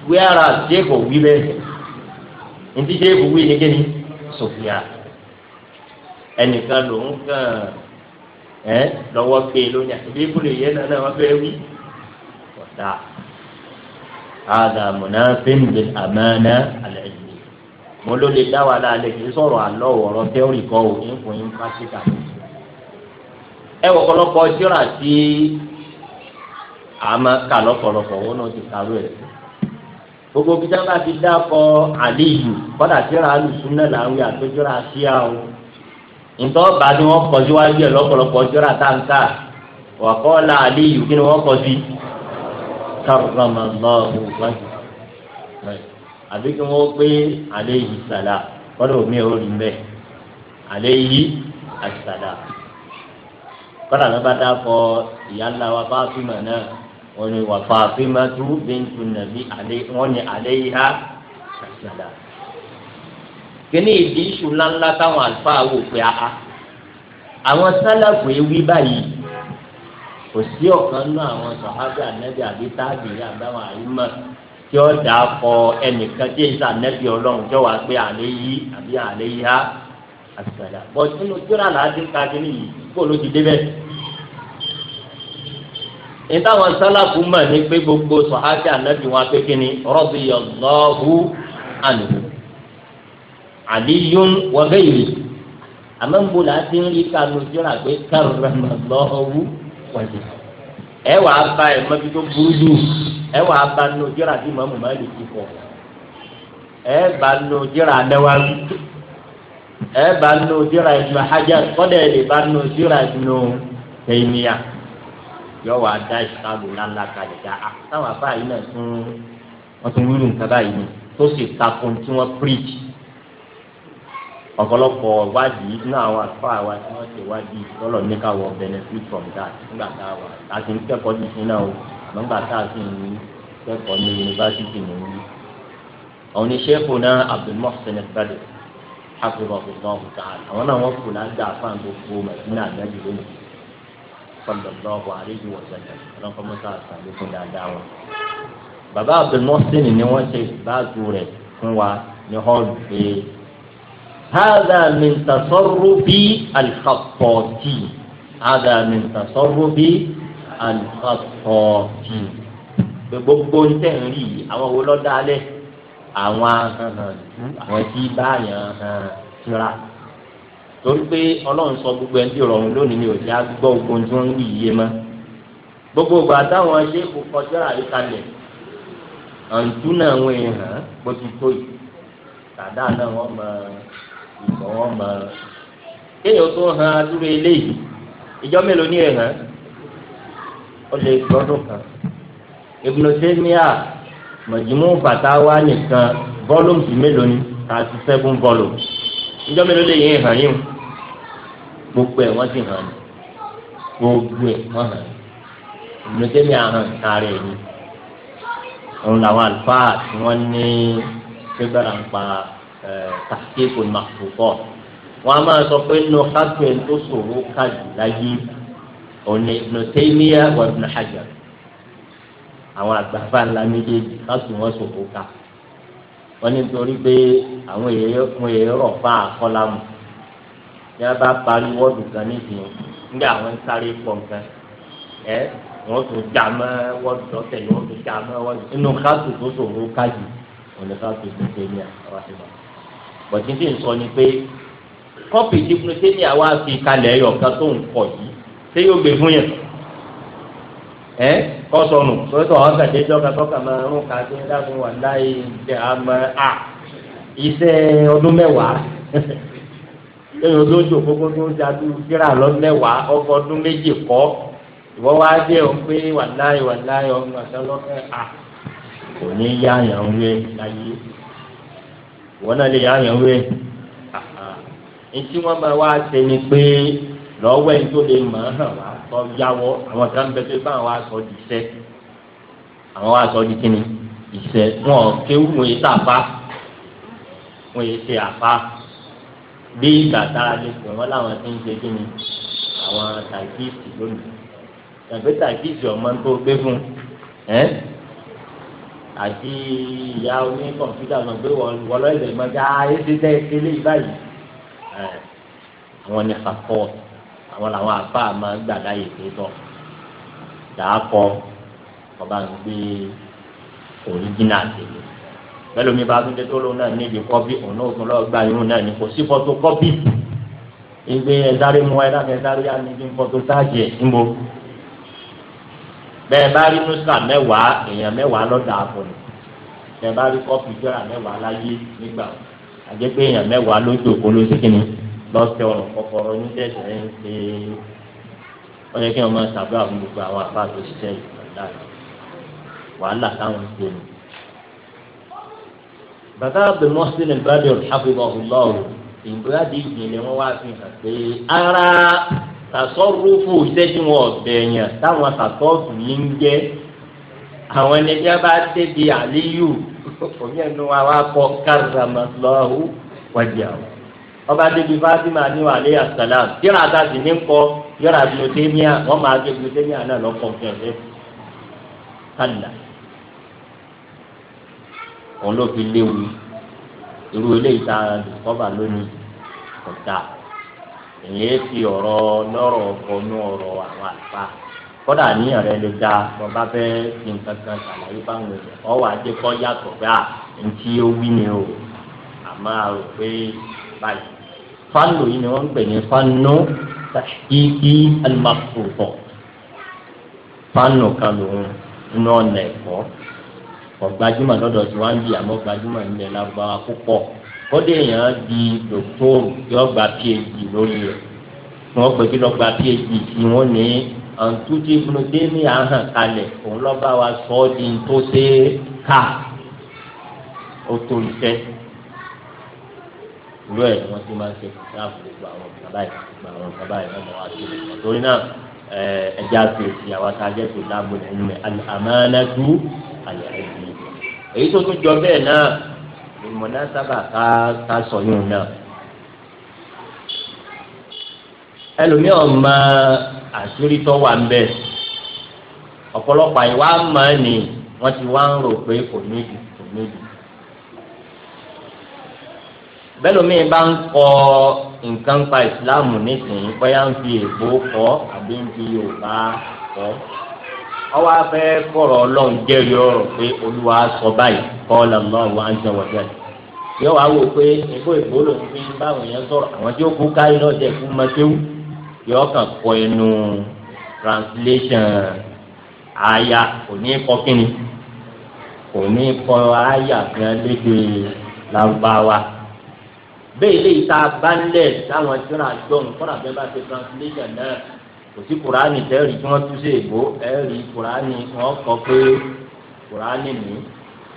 wíwára sheikh òwí bẹ́ẹ̀ ntí sheikh òwí ni kéde sofia ẹnìkan lòún kàn ẹ lọ́wọ́ pé lónìí àti bíbélì yẹn nàná wọn fẹ́ wí ọ̀tá. هذا مناف بالأمانة العلمية mo ló lè dá wa lálẹ́ kì í sọ̀rọ̀ àlọ́ ọ̀rọ̀ tẹ́órì kọ́ ò ní fún yín pásítà. ẹ wọ ọ̀pọ̀lọpọ̀ jọra tí a máa kà lọ́pọ̀lọpọ̀ wọn náà ti kàró ẹ̀. gbogbo bí sábà ti dákọ àlejò kọ́dà jọra alùsùn náà làwọn yà tó jọra sí a o. nǹkan ọba ni wọ́n kọjú wájú ẹ̀ lọ́pọ̀lọpọ̀ jọra táǹkà wàkọ́ọ̀lá àlejò kí ni wọ́n kọ sí. kárùn-ún àbí kí wọ́n gbé àléyìí sàlá kọ́dọ̀ omi ò rí mbẹ́ àléyìí àsàlá kọ́dà ló bá dákọ̀ ìyá ńlá wa Fátímà náà wọ́n ní wà Fátímà tú bíntu nàbí wọ́n ní àléyìí á àsàlá kíní ìdí iṣu ńláńlá táwọn àlùfáà wò pé a àwọn sálàfù ewì báyìí kò sí ọ̀kan náà àwọn sàhábà ànábì àbí táàbì àbáwọn àyímọ̀. tí ó dà kọ ẹnìkan tí èyí sànẹ́bí ọlọ́run jọ wá pé àlẹ́ yí àbí àlẹ́ yí á àtìsàlẹ̀ bọ́ sínú tíra ká káàkiri yìí kó ló ti débẹ̀. ìtàwọn sálàkù mọ̀ ní pé gbogbo wọn pé àmọ́ ń bo ń rí kanu pé ẹ wàá ba ẹ mọbi tó burú jù ẹ wàá ba nù jẹrà tí màmú má lè ti fọ ẹ ba nù jẹrà adáwáwí ẹ ba nù jẹrà Ibn Hajar kọ́dà ẹ lè ba nù jẹrà Ibn Taymiyyah yọ wàá da ìsàlù lánàá kalẹ̀ dá a táwọn afáàyè náà tún wọ́n tún wúlò nǹkan báyìí tó sì takùn tí ọ̀pọ̀lọpọ̀ wádìí nínú àwọn àfa wa tí wọ́n ṣe wádìí tọ́lọ̀ ní ká wọ benefit from that nígbà tá a wà a ti ń kẹ́kọ̀ọ́ ní ìsìn náà o àmọ́ nígbà tá a sì ń kẹ́kọ̀ọ́ ní yunifásitì nìyí. àwọn oníṣẹ́kù náà abdulmohsen gbadé hafizah abdulmohsen taal àwọn náà wọ́n kù lágbà fáwọn gbogbo mẹ̀sínà àgbájú lónìí sallallahu alayhi wa sallam ọlọ́kọ́mọ́sá àtàlẹ́kùn dáadáa wọn. bàbá abdulmohsen ni wọ́n ṣe báàgù rẹ̀ fún wa ní hall هذا من تصرف الخطاطي هذا من تصرف الخطاطي gbogbo ń tẹ̀ ń rí àwọn wo lọ́ dalẹ̀ àwọn àwọn tí báyàn tira torí pé ọlọ́run sọ gbogbo ẹni tí rọrùn lónìí ni òjá gbọ́ ogun tí wọ́n ń rí iye mọ́ gbogbo ìgbà táwọn ṣe kò kọjá àríkalẹ̀ àǹtúnà àwọn èèyàn bó ti tó yìí tàdá náà wọ́n máa ìfọwọ́ mọ kéèyàn tó hàn adúrú eléyìí ìjọ mélòó ní ẹ̀hán ó lè gbọ́dọ̀ kan Ibn Taymiyyah Majmu Fatawa nìkan volumes mélòó ní thirty seven volumes ìjọ mélòó lè yẹn hàn yín gbogbo ẹ̀ wọ́n ti hàn gbogbo ẹ̀ wọ́n hàn Ibn Taymiyyah hàn sáré yìí òun làwọn àlùfáà tí wọ́n ní ṣẹ́gbẹ́ra ń pa á tàkíkò màkùkọ wọn a máa sọ pé nù hàkùn tó ṣòro kájù láyé òní Ibn Taymiyyah wà Ibn Hajar àwọn àgbàfà ńlá méjèèjì hàkùn wọn ṣòro ká wọn nítorí pé àwọn èèyàn èèyàn rọ̀ fún àkọlámù ní a bá parí wọ́ọ̀dù kan nídìí nígbà àwọn ń sáré pọ̀ nǹkan ẹ wọ́n tún já mọ́ wọ́ọ̀dù tọ́tẹ̀ wọ́n tún já mọ́ wọ́ọ̀dù inú hàkùn tó ṣòro kájù òní hàkùn tó Taymiyyah wà Ibn Hajar bọ̀dé ń sọ ni pé kọ́pì tí kúrò ní àwa fi kalẹ̀ ẹ̀yọ̀ kan tó ń kọ̀ yìí ṣé yóò gbé fún yẹn ẹ kọ́ sọnù sọ́tọ̀ àwọn kàdé jọ́ka tọ́ka máa ń ka ṣe ń dákun wà láì jẹ́ àmọ́ à iṣẹ́ ọdún mẹ́wàá lẹ́yìn olóòjò kókó tó ń jadú kíra lọ́mẹ́wàá ọkọ̀ ọdún méjì kọ́ ìwọ wá dé o pé wà láì wà láì ọmọ àtàlọ́kẹ́ à kò ní yá àyàn wé wọn náà lè yá yẹn wé ntí wọn bá wá ṣe ni pé lọ́wọ́ ẹni tó lè mọ̀ hàn wá sọ yáwọ́ àwọn kan bẹ pé báwọn wá sọ di iṣẹ́ àwọn wá sọ di kíni iṣẹ́ wọn kéwù wọn yìí sàfà wọn yìí ṣe àfà bí ìgbà tá a lè pè wọn láwọn tí ń ṣe kíni àwọn tàkìsì lónìí tàbí tàkìsì ọmọ tó gbé fún ẹ àti ìyá oní kọ̀mpútà náà pé wọ́lọ́ ẹ̀lẹ́ máa ká ẹ̀ṣẹ̀ dẹ́ ẹ̀ṣẹ̀ lé báyìí àwọn ní sapọ́ àwọn làwọn apá máa gbà láyè pé tọ́ dàákọ ọba ń gbé òríjìnà tèmi bẹ́ẹ̀ lómi bá tún dé tó lóun náà níbi kọ́bí òun náà tún lọ́ọ́ gba irun náà ní kò sí fọ́tò kọ́bí ìgbé ẹ̀dárí mu ẹ̀dáfẹ́ ẹ̀dárí á níbi fọ́tò táàjì ẹ̀ níbo bẹ́ẹ̀ bá rí nusa mẹ́wàá èèyàn mẹ́wàá lọ́dà àfọ̀nù bẹ́ẹ̀ bá rí kọ́pì jọ́ra mẹ́wàá láyé nígbà àjẹpẹ́ èèyàn mẹ́wàá ló jòkó ló sí kínní lọ́sẹ̀ ọ̀rọ̀ kọ̀kọ̀rọ̀ ní tẹ̀sẹ̀ ń ṣe ó yẹ kí wọ́n máa ṣàbẹ̀ àwọn gbogbo àwọn àbá tó ṣiṣẹ́ ìgbàlá wàhálà táwọn ṣe nù. bàbá abdulmohsen ibrahim ọ̀hún lọ́ọ̀rù ìgbéyàdí ìgbìnlẹ̀ wọn wá fi hàn pé ara tasọ́rùfù ṣẹ́jú wọn ọ̀bẹ̀yàn táwọn tasọ́ọ̀fù yìí ń jẹ́ àwọn ẹni tí wọ́n bá débi àlíyù òbí ẹnu wa wá kọ káràmọ́lọ́hù wájà wọ́n bá débi fátima ní wàlẹ́ àsàlám yọ̀rọ̀ àtàkì ní kọ yọ̀rọ̀ àbíọ̀tẹ́míà wọ́n máa gbé gbẹ̀tẹ́míà náà lọ́kọ̀ fún ẹ̀fẹ́ kálá òun ló fi léwu irú eléyìí tá a kọ́ bà lónìí kọ̀ọ̀tà èyí fi ọ̀rọ̀ lọ́rọ̀ ọ̀nù ọ̀rọ̀ àwọn àlùfáà kódà níyàn rẹ lè da bàbá fẹ́ fi nǹkan kan ṣàlàyé báwọn èèyàn ọ wà dé kọ́ yàtọ̀ pé ń tí ó wí ni o àmọ́ a rò pé báyìí fánù yìí ni wọ́n ń pè ní fánù tàkìkì alimafòfò fánù kan lòun inú ọ̀nà ẹ̀kọ́ ọ̀gbájúmọ̀ lọ́dọ̀ tí wọ́n ń bì àmọ́ gbajúmọ̀ ń bẹ lágbára púpọ̀ kọ́dé èèyàn di dòktóòrù yọ gba phd lórí rẹ̀ wọ́n pè kí lọ gba phd tí wọ́n ní àǹtútì ìbùnúdé ní àhàn kalẹ̀ òun lọ́ wa sọ ọ́ di tó ṣe é ká ó tó iṣẹ́ ìlú ẹ̀ ni wọ́n ti máa ń ṣe káàbù gbogbo àwọn bàbá yìí gbogbo àwọn bàbá yìí wọ́n mọ̀ sí i torí náà eh, ẹja fèsì àwọn àtàjẹ́ tó dáàbò nínú ẹ̀ àmàlẹ́tù àyà ẹ̀dùn èyí tó tún jọ bẹ́ẹ̀ náà ìmọ̀nà sábà ká ká sọ yóò náà. ẹlòmíràn mọ àṣírí tó wà ń bẹ ọ̀pọ̀lọpọ̀ àyíwá mọ̀ ni wọ́n ti wá ń rò pé kò níbi kò níbi. bẹ́lómi bá ń kọ nǹkan pa ìsìláàmù nísìnyí bóyá ń fi èèbó kọ́ àbí ń fi yorùbá kọ́ ọwọ́ afẹ́ kọ̀rọ̀ ọlọ́run jẹ́rìí ọ̀rọ̀ pé olúwa sọ báyìí kọ́ọ̀lá ọlọ́run wá ń jẹ wọ́n jáde. yọ wá wò pé ìbò ìbò ló ń fi báwọn yẹn sọ̀rọ̀ àwọn tí ó kú káyọ̀ náà jẹ́ fún mọ́tẹ́wù yọ kàn kọ inú translation àyà kò ní kọ kíni kò ní kọ àyà kan lédè lárúbáwá bẹ́ẹ̀ lè ta bá ń lẹ̀ táwọn tí wọ́n á gbọ́ nǹkan àbẹ́bá ṣe translation náà kò sí kùránì tẹ́rì tí wọ́n tú sí èbó ẹ̀rì kùránì wọ́n kọ́ pé kùránì ní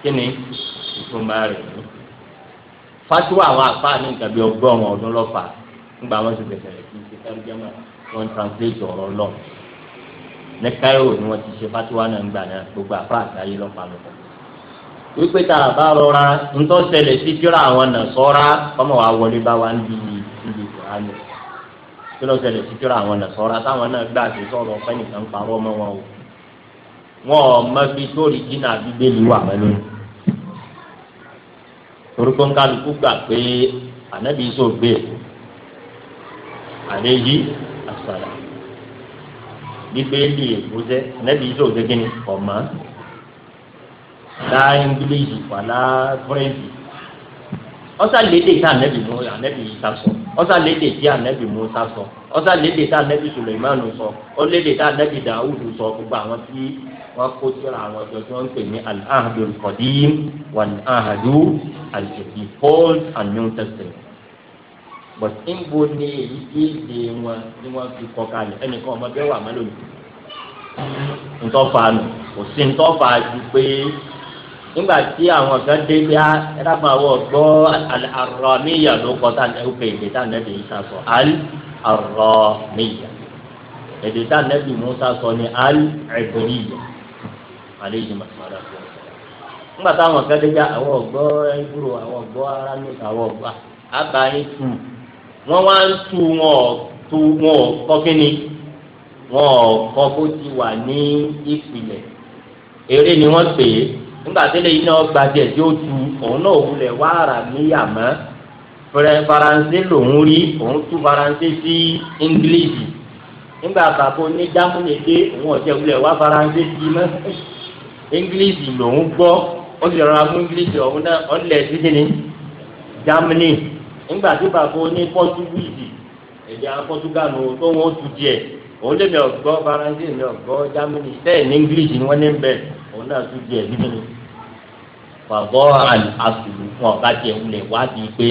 kíni ìtumọ̀ rẹ̀ ní. fatuwa àwọn àfa ní nǹkan bíi ọgọ́rùn-ún ọdún lọ́fà nígbà wọn ti bẹ̀rẹ̀ kí ṣe tẹ́rìjẹ́mà wọn translate ọ̀rọ̀ lọ. ní Cairo ni wọ́n ti ṣe fatuwa náà ń gbà náà gbogbo àfa àtàyè lọ́pàlọpọ̀. wípé tá a bá rọra ń tọ́ ṣẹlẹ̀ sí kíra àwọn nàṣọ́ra di ibi kí ló ṣẹlẹ̀ sí kíra àwọn nàṣọ́ra táwọn náà gbà sí sọ̀rọ̀ ọ̀pẹ́ nìkan parọ́ mọ́ wọn o wọn ò mọ bí tóòrì jìnnà bíbélì wà mẹ́lú orúkọ nkálukú gbà pé ànábì sọ̀gbẹ́ e. àléyí àṣàlà bíbélì èkó jẹ́ ànábì sọ̀gbẹ́ kí ni ọ̀mọ́ láì ń gbélé yìí ọsà lédè tí anabi mú anabi Isa sọ ọsà lédè tí anabi Mùsá sọ ọsà lédè tí anabi Suleimanu sọ ọlédè tí anabi Dawudu sọ gbogbo àwọn tí wọn kó síra àwọn ọjọ tí wọn ń pè ní al-ahdu al-qadim wal-ahdu al and New Testament but níbo ni èyí tí èdè wọn ni wọn fi kọ kalẹ̀ ẹnìkan ọmọdé wà mọ lónìí ntọ́fà nù kò sí ntọ́fà ju pé nígbà tí àwọn kan dé bí ah, ẹ̀dàpọ̀ àwọn ọ̀gbọ́ àrọ̀míyà ló kọ́ tá ẹ̀ pé èdè tá nẹ́bí Musa sọ al àrọ̀míyà èdè tá nẹ́bí Musa sọ ní al ẹ̀bùrìyà àlejò màtúmọ̀dá fún un. nígbà táwọn kan dé bí ah, àwọn ọ̀gbọ́ ẹ̀bùrò àwọn ọ̀gbọ́ arámíyà àwọn ọ̀gbọ́ àbáyé tù wọ́n wá ń tu wọn tu wọn kọ́ wọn kọ́ ni wọ́n pè nígbà tí lè iná gba díẹ̀ tí ó tu òun náà wulẹ̀ wá ara níyà mọ́ fẹrẹ faransé lòún rí òun tú faransé sí ingilisi nígbà kàkó ní jámúnì dé òun ọ̀sẹ̀ wulẹ̀ wá faransé sí mọ́ ingilisi lòún gbọ́ ó sì rọra fún ingilisi ọ̀hún náà ọ̀lẹ̀ sídìní jámúnì nígbà tí bàbá oní pọ́tugíìsì èdè àwọn pọ́tugánù tó wọ́n tu díẹ̀ òun lè mi ọ̀gbọ́ faransé mi ọ̀gbọ́ jámúnì sẹ́ẹ̀ ní ingilisi ni wọ́n ní bẹ́ẹ̀ òun náà tu díẹ̀ sídìní fàbọ àlùfàṣùlù fún ọba jẹ wulẹ wádìí pé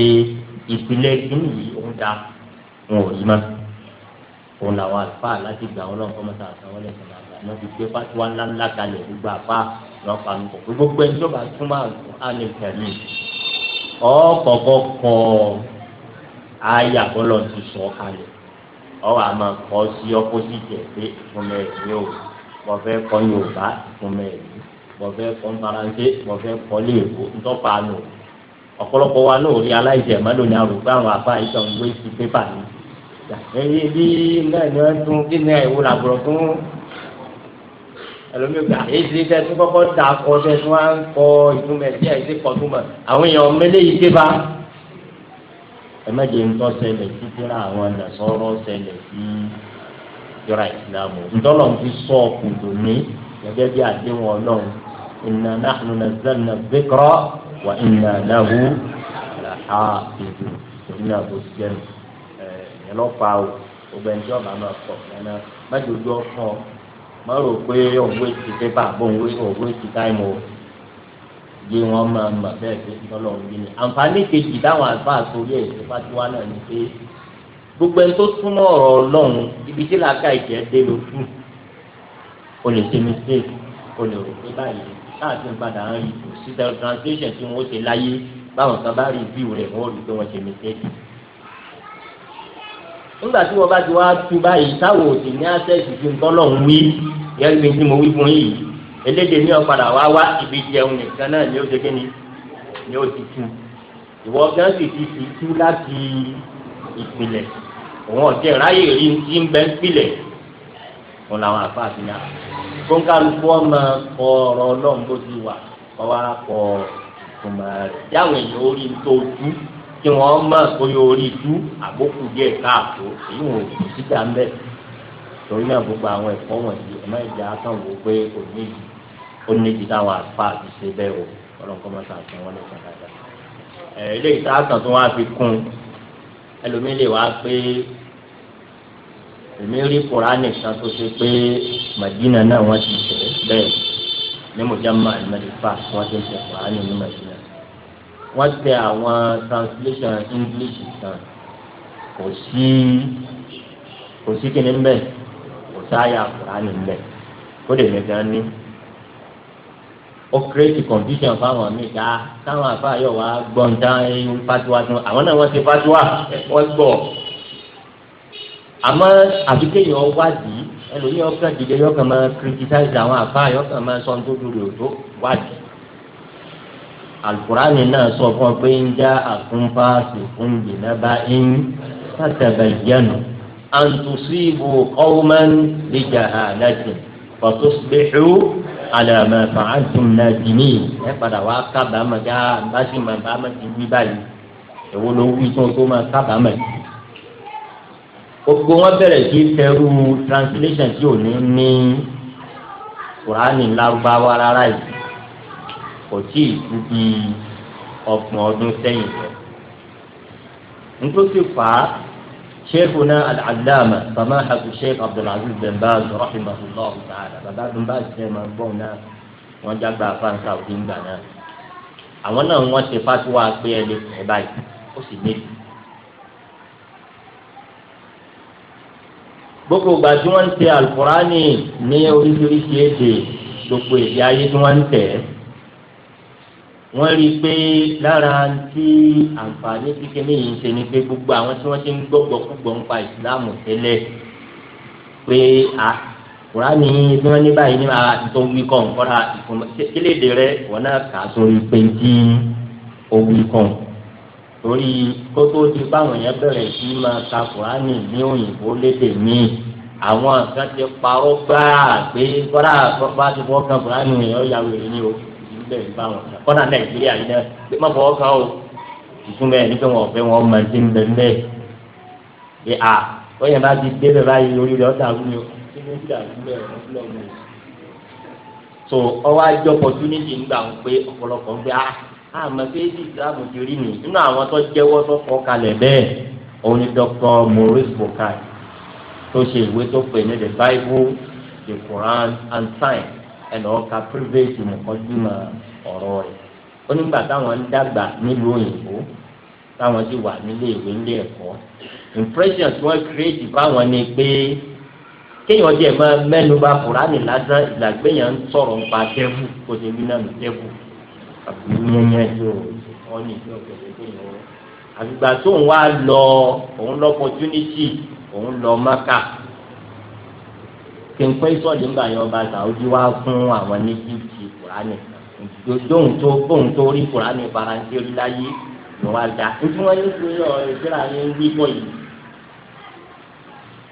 ìpìlẹ̀ kínní yìí ó ń da wọn ò rí mọ òun làwọn àlùfáà láti gbà wọn náà kọ́ mọ́tà àtàwọn ẹlẹ́sìn náà gbà wọn ti gbé fatiwa ńlá ńlá kalẹ̀ gbogbo àpá wọn pa nǹkan gbogbo ẹni tó bá túmọ̀ àlè tẹ̀lé ọkọ̀ọ̀kọ̀ ayé àbọ̀lọ̀ ti sọ kalẹ̀ ọwọ́ a kọ́ sí ọpọ́sìtì mo fẹ́ kọ́ faransé mo fẹ́ kọ́ lé èkó ntọ́pa nù ọ̀pọ̀lọpọ̀ wa náà rí aláìjẹ̀ má lónìí arúgbó àwọn àbá ìtàn ń gbé sí pépà ni ẹyẹ bí náà ni wọ́n tún kí ni àìwò làbọ̀rọ̀ fún ẹlòmíì gbà èsì tẹ tún kọ́kọ́ da akọ tẹ tún wá ń kọ ìtumọ̀ ẹ̀sìn ẹ̀sìn kọ̀ tó mọ̀ àwọn èèyàn mẹ́lẹ́ yìí dé bá ẹ̀mẹ́jẹ̀ ńtọ́ ṣẹlẹ̀ sí kíra àwọn ẹ̀dàsọ́rọ́ ṣẹlẹ̀ sí kíra ìsìlámù ńtọ́lọ́ fi sọ ọkùnrin ní gẹ́gẹ́ bí àdéhùn ọlọ́run inna نحن نزلنا dhikra wa له lahu lahafidun nínú àbòsí jẹnu ìyẹn lọ fa o gbogbo ẹni tí ọba máa kọ nana májú ojú ọkàn má rò pé òwe ti pépà bó òwe òwe ti táìmù o yé wọn máa mà bẹ́ẹ̀ pé ìtọ́lọ̀ ń ni àǹfààní kejì táwọn àlùfáà sórí ẹ̀ tó bá ti náà ni pé gbogbo ẹni tó túmọ̀ ọ̀rọ̀ ọlọ́run ibi tí làákà ìjẹ́ dé ló fún o lè ṣe mistake rò pé báyìí náà ti ń padà ń rí kò sí translation tí wọ́n ṣe láyé báwọn kan bá rí bíu rẹ̀ wọ́n rí pé wọ́n ṣe mistake. nígbà tí wọ́n bá ti wá tú báyìí táwọn òsì ní access fi ń tọ́lọ̀ ń wí yẹ́n mi tí mo wí fún yìí elédè ní ọ̀padà wá wá ibi jẹun nìkan náà ni ó ṣe kíni ni ó ti tú ìwọ gan sì ti fi tú láti ìpìlẹ̀ òun ọ̀jẹ̀ ráyè rí ti ń bẹ́ ń pìlẹ̀ wọn làwọn àfáàfin náà fún kálukú ọmọ kọ ọ̀rọ̀ Ọlọ́run bó ti wà kọ wá kọ ọmọ rẹ yàwọn èèyàn orí tó dú kí wọn mọ bóyá orí dú àbókù díẹ̀ káàtó èyí wọn ò kù síta ń bẹ torí náà gbogbo àwọn ẹ̀kọ́ wọ̀nyí ẹ má jẹ wò pé òní onídìí táwọn àfáàfin ṣe bẹ́ẹ̀ o Ọlọ́run kọ máa ṣàtúnṣe wọn lẹsẹ dáadáa ẹ ilé ìta tó wá fi kún ẹlòmílẹ wàá pé èmi rí kuraani kan tó ṣe pé madina náà wọ́n ti tẹ̀ bẹ́ẹ̀ ní mujamma alimadifa wọ́n ti tẹ̀ kuraani ní madina wọ́n tẹ àwọn translation english kan kò sí kò sí kíni ń bẹ kò sáyà kuraani ń bẹ kó lè mi gan ni ó kírètì condition fáwọn míì ká ah, táwọn àfáà yóò wá gbọ́n dá ẹyin fatiwa tún àwọn náà wọ́n ṣe fatiwa wọ́n gbọ́ àmọ́ àfi kéèyàn wádìí ẹlòmíì ọkàn dìde yọkàn máa kìrìtìsáìsì àwọn àfa yọkàn máa sọ tó dúró tó wádìí alukurani náà sọ fún ọ pé ń já àkúnfà sìnkún bìnnà bá ń tàtàbàyànù àǹtùsíbù ọ̀wọ́mán lè jà hà láti fọ̀tùsíbìhù àlàmà fàántùm náà dìní ẹ padà wá kábàámà já bá sì máa bá má ti wí báyìí èwo ló wí tó tó máa kábàámà yìí gbogbo wọn bẹ̀rẹ̀ sí tẹrú translation tí ò ní ní kùránì lárúbáwá rárá yìí kò tí ì kú bí ọ̀pọ̀ ọdún sẹ́yìn lọ. nítorí fà á sheikhuna al-allama samahatu sheikh abdulaziz bin baz rahimahullah ta'ala baba bin baz ṣe máa ń bọ̀ náà wọ́n jágbá fáńsà òdìǹgbà náà àwọn náà wọ́n ṣe fásitì pé ẹ lè tẹ̀ báyìí ó sì méjì. gbogbo ìgbà tí wọ́n ń tẹ alukurani ní oríṣiríṣi èdè gbogbo èdè ayé tí wọ́n ń tẹ̀ wọ́n rí i pé lára tí àǹfààní kíkẹ́ níyìí ń ṣe ni pé gbogbo àwọn tí wọ́n ti ń gbọ́gbọ́ púpọ̀ ń pa ìsìláàmù tẹ́lẹ̀ pé a kurani bí wọ́n ní báyìí ní ara tó wí kàn kọ́ra ìfọ̀mọ́ kílédè rẹ̀ wọ́n náà kà á sórí pé ń tí ó wí kàn torí kótó ti báwọn yẹn bẹ̀rẹ̀ sí máa ka kùránì ní òyìnbó lédè míì àwọn kan ti parọ́ gbáà pé kọ́dà bá ti fọ́ kan kùránì yẹn ó yà wèrè ní o ìbílẹ̀ ìbáwọn kọ́dà nàìjíríà yìí náà pé má fọwọ́ kan o ìtumọ̀ ẹ̀ nípa wọn ọ̀fẹ́ wọn máa ti ń bẹ pé a wọ́n yẹn bá ti débẹ̀ báyìí orí rẹ̀ ọ̀tà wúni o kí ló ń dà wúlẹ̀ ọ̀túnlọ́ọ̀mù so ọwọ́ àjọ opportunity ń gbà wọn pé ọ̀pọ̀lọpọ̀ ń àmọ́ pé islam ti rí ni nínú àwọn tó jẹ́wọ́ tó kọ bẹ́ẹ̀ òun ni Dr. Maurice Bukai tó ṣe ìwé tó pè ní the Bible the Quran and Science ẹnì ọkà private mọ̀kọ́dúnmọ̀ ọ̀rọ̀ rẹ̀ ó nígbà táwọn ń dàgbà nílùú òyìnbó táwọn ti wà nílé ìwé nílé ẹ̀kọ́ impression tí wọ́n create fáwọn ni pé kéèyàn jẹ́ máa mẹ́nu bà Kùránì lásán ìgbàgbéyàn ń sọ̀rọ̀ nípa dẹ́fù kò sí nínú dẹ́fù mọ̀mọ́ wọn ní ìfẹ́ òkèlè tó yẹ wọn. àgbà tó ń wá lọ òun lọ opportunity òun lọ maka kẹ̀kẹ́ sọ̀dí ńgbà yẹn ọba sàwùjí wá fún àwọn ní jíìtì kùránì dóhùn tó bóhùn tó rí kùránì faransé rí láyé ló wá dá nítorí wọn ní pé ọ̀rọ̀ ìṣẹ́ra ní wí bọ̀ yìí.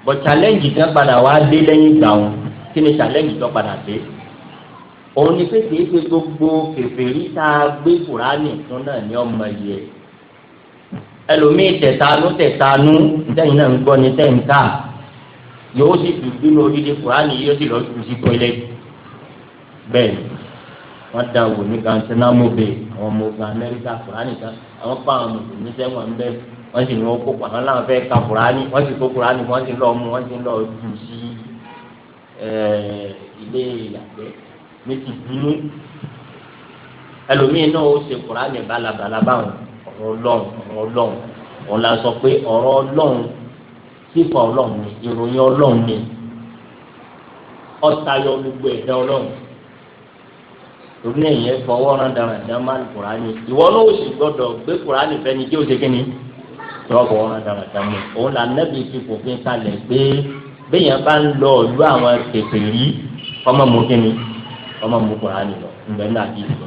bọ̀ challenge kan padà wá dé lẹ́yìn ìgbà wọn kí ni challenge tó padà dé òun ni pé kìí ṣe gbogbo kèfèrí tá a gbé kùránì fún náà ní ọmọ yìí ẹlòmíì tẹ̀tanú tẹ̀tanú tẹ̀yìn náà ń gbọ́ ni tẹ̀yìn ká yóò sì dùdú ní odidi kùránì yóò sì lọ sí sí pẹ́lẹ́ bẹ́ẹ̀ wọ́n da wò ní Guantanamo Bay àwọn ọmọ ogun Amẹ́ríkà kùránì kan àwọn pa àwọn mùsùlùmí sẹ́wọ̀n ńbẹ́ wọ́n sì ní wọ́n kó pàmò láwọn fẹ́ ka kùránì wọ́n sì kó kùránì wọ́n sì lọ́ọ́ mú wọ́n sì lọ́ọ́ jù sí ilé ìyàgbẹ́ ní ti dunu ẹlòmíín náà ó ṣe kuraani balabala báwọn ọ̀rọ̀ ọlọ́run ọ̀rọ̀ ọlọ́run wọn la sọ pé ọ̀rọ̀ ọlọ́run sífà ọlọ́run ni ìròyìn ọlọ́run ni ọ̀tayọ gbogbo ẹ̀dá ọlọ́run torí ẹ̀yìn ẹ fọwọ́ rán dáradára máa ní kuraani ìwọ náà ó sì gbọdọ̀ gbé kuraani fẹ́ni tí ó ṣe kíni tọ́wọ́ rán dáradára mu òun là nẹ́bi fi fòfin kalẹ̀ gbé bẹ́ẹ̀ yẹn bá ń lọ ìlú àwọn kẹfẹ́ yìí ọmọ mọ́kínni ọmọ mu kùránì lọ bẹ́ẹ̀ náà bí ìlú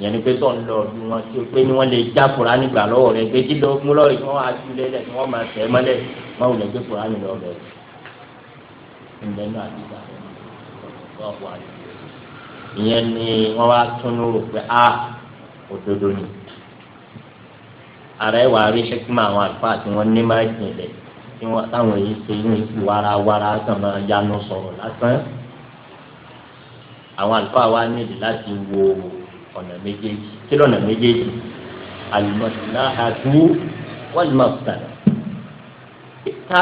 yẹn ni pé tó ń lọ bí wọn tí o pé ni wọn lè já kùránì gbà lọ́wọ́ rẹ pé kí lọ mú lọ́ọ̀rì kí wọ́n á ju lẹ́lẹ̀ kí wọ́n máa tẹ̀ ẹ́ mọ́lẹ̀ máa wùlẹ̀ gbé kùránì lọ bẹ́ẹ̀ bẹ́ẹ̀ náà bí ìlú ìyẹn ni wọ́n wá tún ní rò pé a ah, òdodo ni ààrẹ wàá rí ṣẹ́kímà àwọn àlùfáà tí wọ́n ní máa jìnlẹ̀ tí wọ́n táwọn èyí ṣe yín wàràwàrà kan máa yanu sọ̀rọ̀ lásán àwọn àlùfáà wa nílò láti wo ọ̀nà méjèèjì kí lọ́nà méjèèjì alimọ̀síláhàdú wàlúmọ̀síláhà ká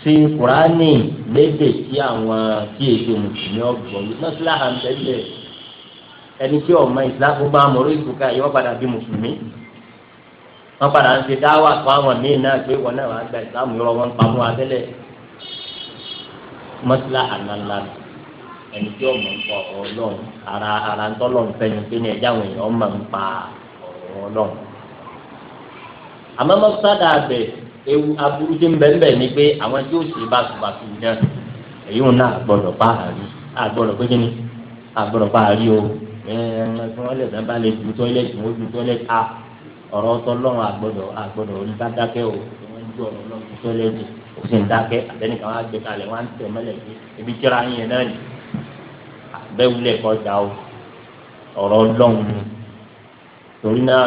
fi kùránì lédè tí àwọn tí èdè mùsùlùmí ọgbọ̀n mọ̀síláhà ń bẹ̀lẹ̀ ẹni tí ọmọ ìsìláàfù bá mọ̀ orí ìbùkà yìí wọ́n padà bí mùsùlùmí wọ́n padà ń ṣe dáwà fún àwọn míì náà pé wọ́n náà wàá gba ìsìláàmù yọrọ wọn pamọ́ abẹ́lẹ̀ mọ̀síláhà ńláńlá ẹni tí ọmọ ń pa ọ̀rọ̀ Ọlọ́run ara ara ń tọ́lọ̀ ń fẹ́yìn pé ní ẹ̀já àwọn èèyàn ọmọ ń pa ọ̀rọ̀ Ọlọ́run. àmọ́ mọ́sádà àgbẹ̀ ewu aburú tí ń bẹ́ẹ̀ bẹ́ẹ̀ ni pé àwọn tí ó ṣe báṣubàṣu náà èyí wọn náà gbọ́dọ̀ bá àárí àgbọ́dọ̀ pé kíni àgbọ́dọ̀ bá àárí o ẹ̀ẹ́dẹ̀gbọ́n lè fẹ́ bá lè du tọ́lẹ̀tì wọ́n du tọ́lẹ̀tì a ọ̀rọ̀ tọ́lọ́run àgbọ́dọ̀ àgbọ́dọ̀ oníbàdákẹ́ o wọ́n ju ọ̀rọ̀ lọ́dún tọ́lẹ̀tì òfin dákẹ́ àtẹnìkan wá gbé kalẹ̀ wọ́n á tẹ̀ mọ́lẹ̀ ibi kíra yẹn náà nìyí bẹ́ẹ̀ wulẹ̀ kọjá o ọ̀rọ̀ ọlọ́run ni torí náà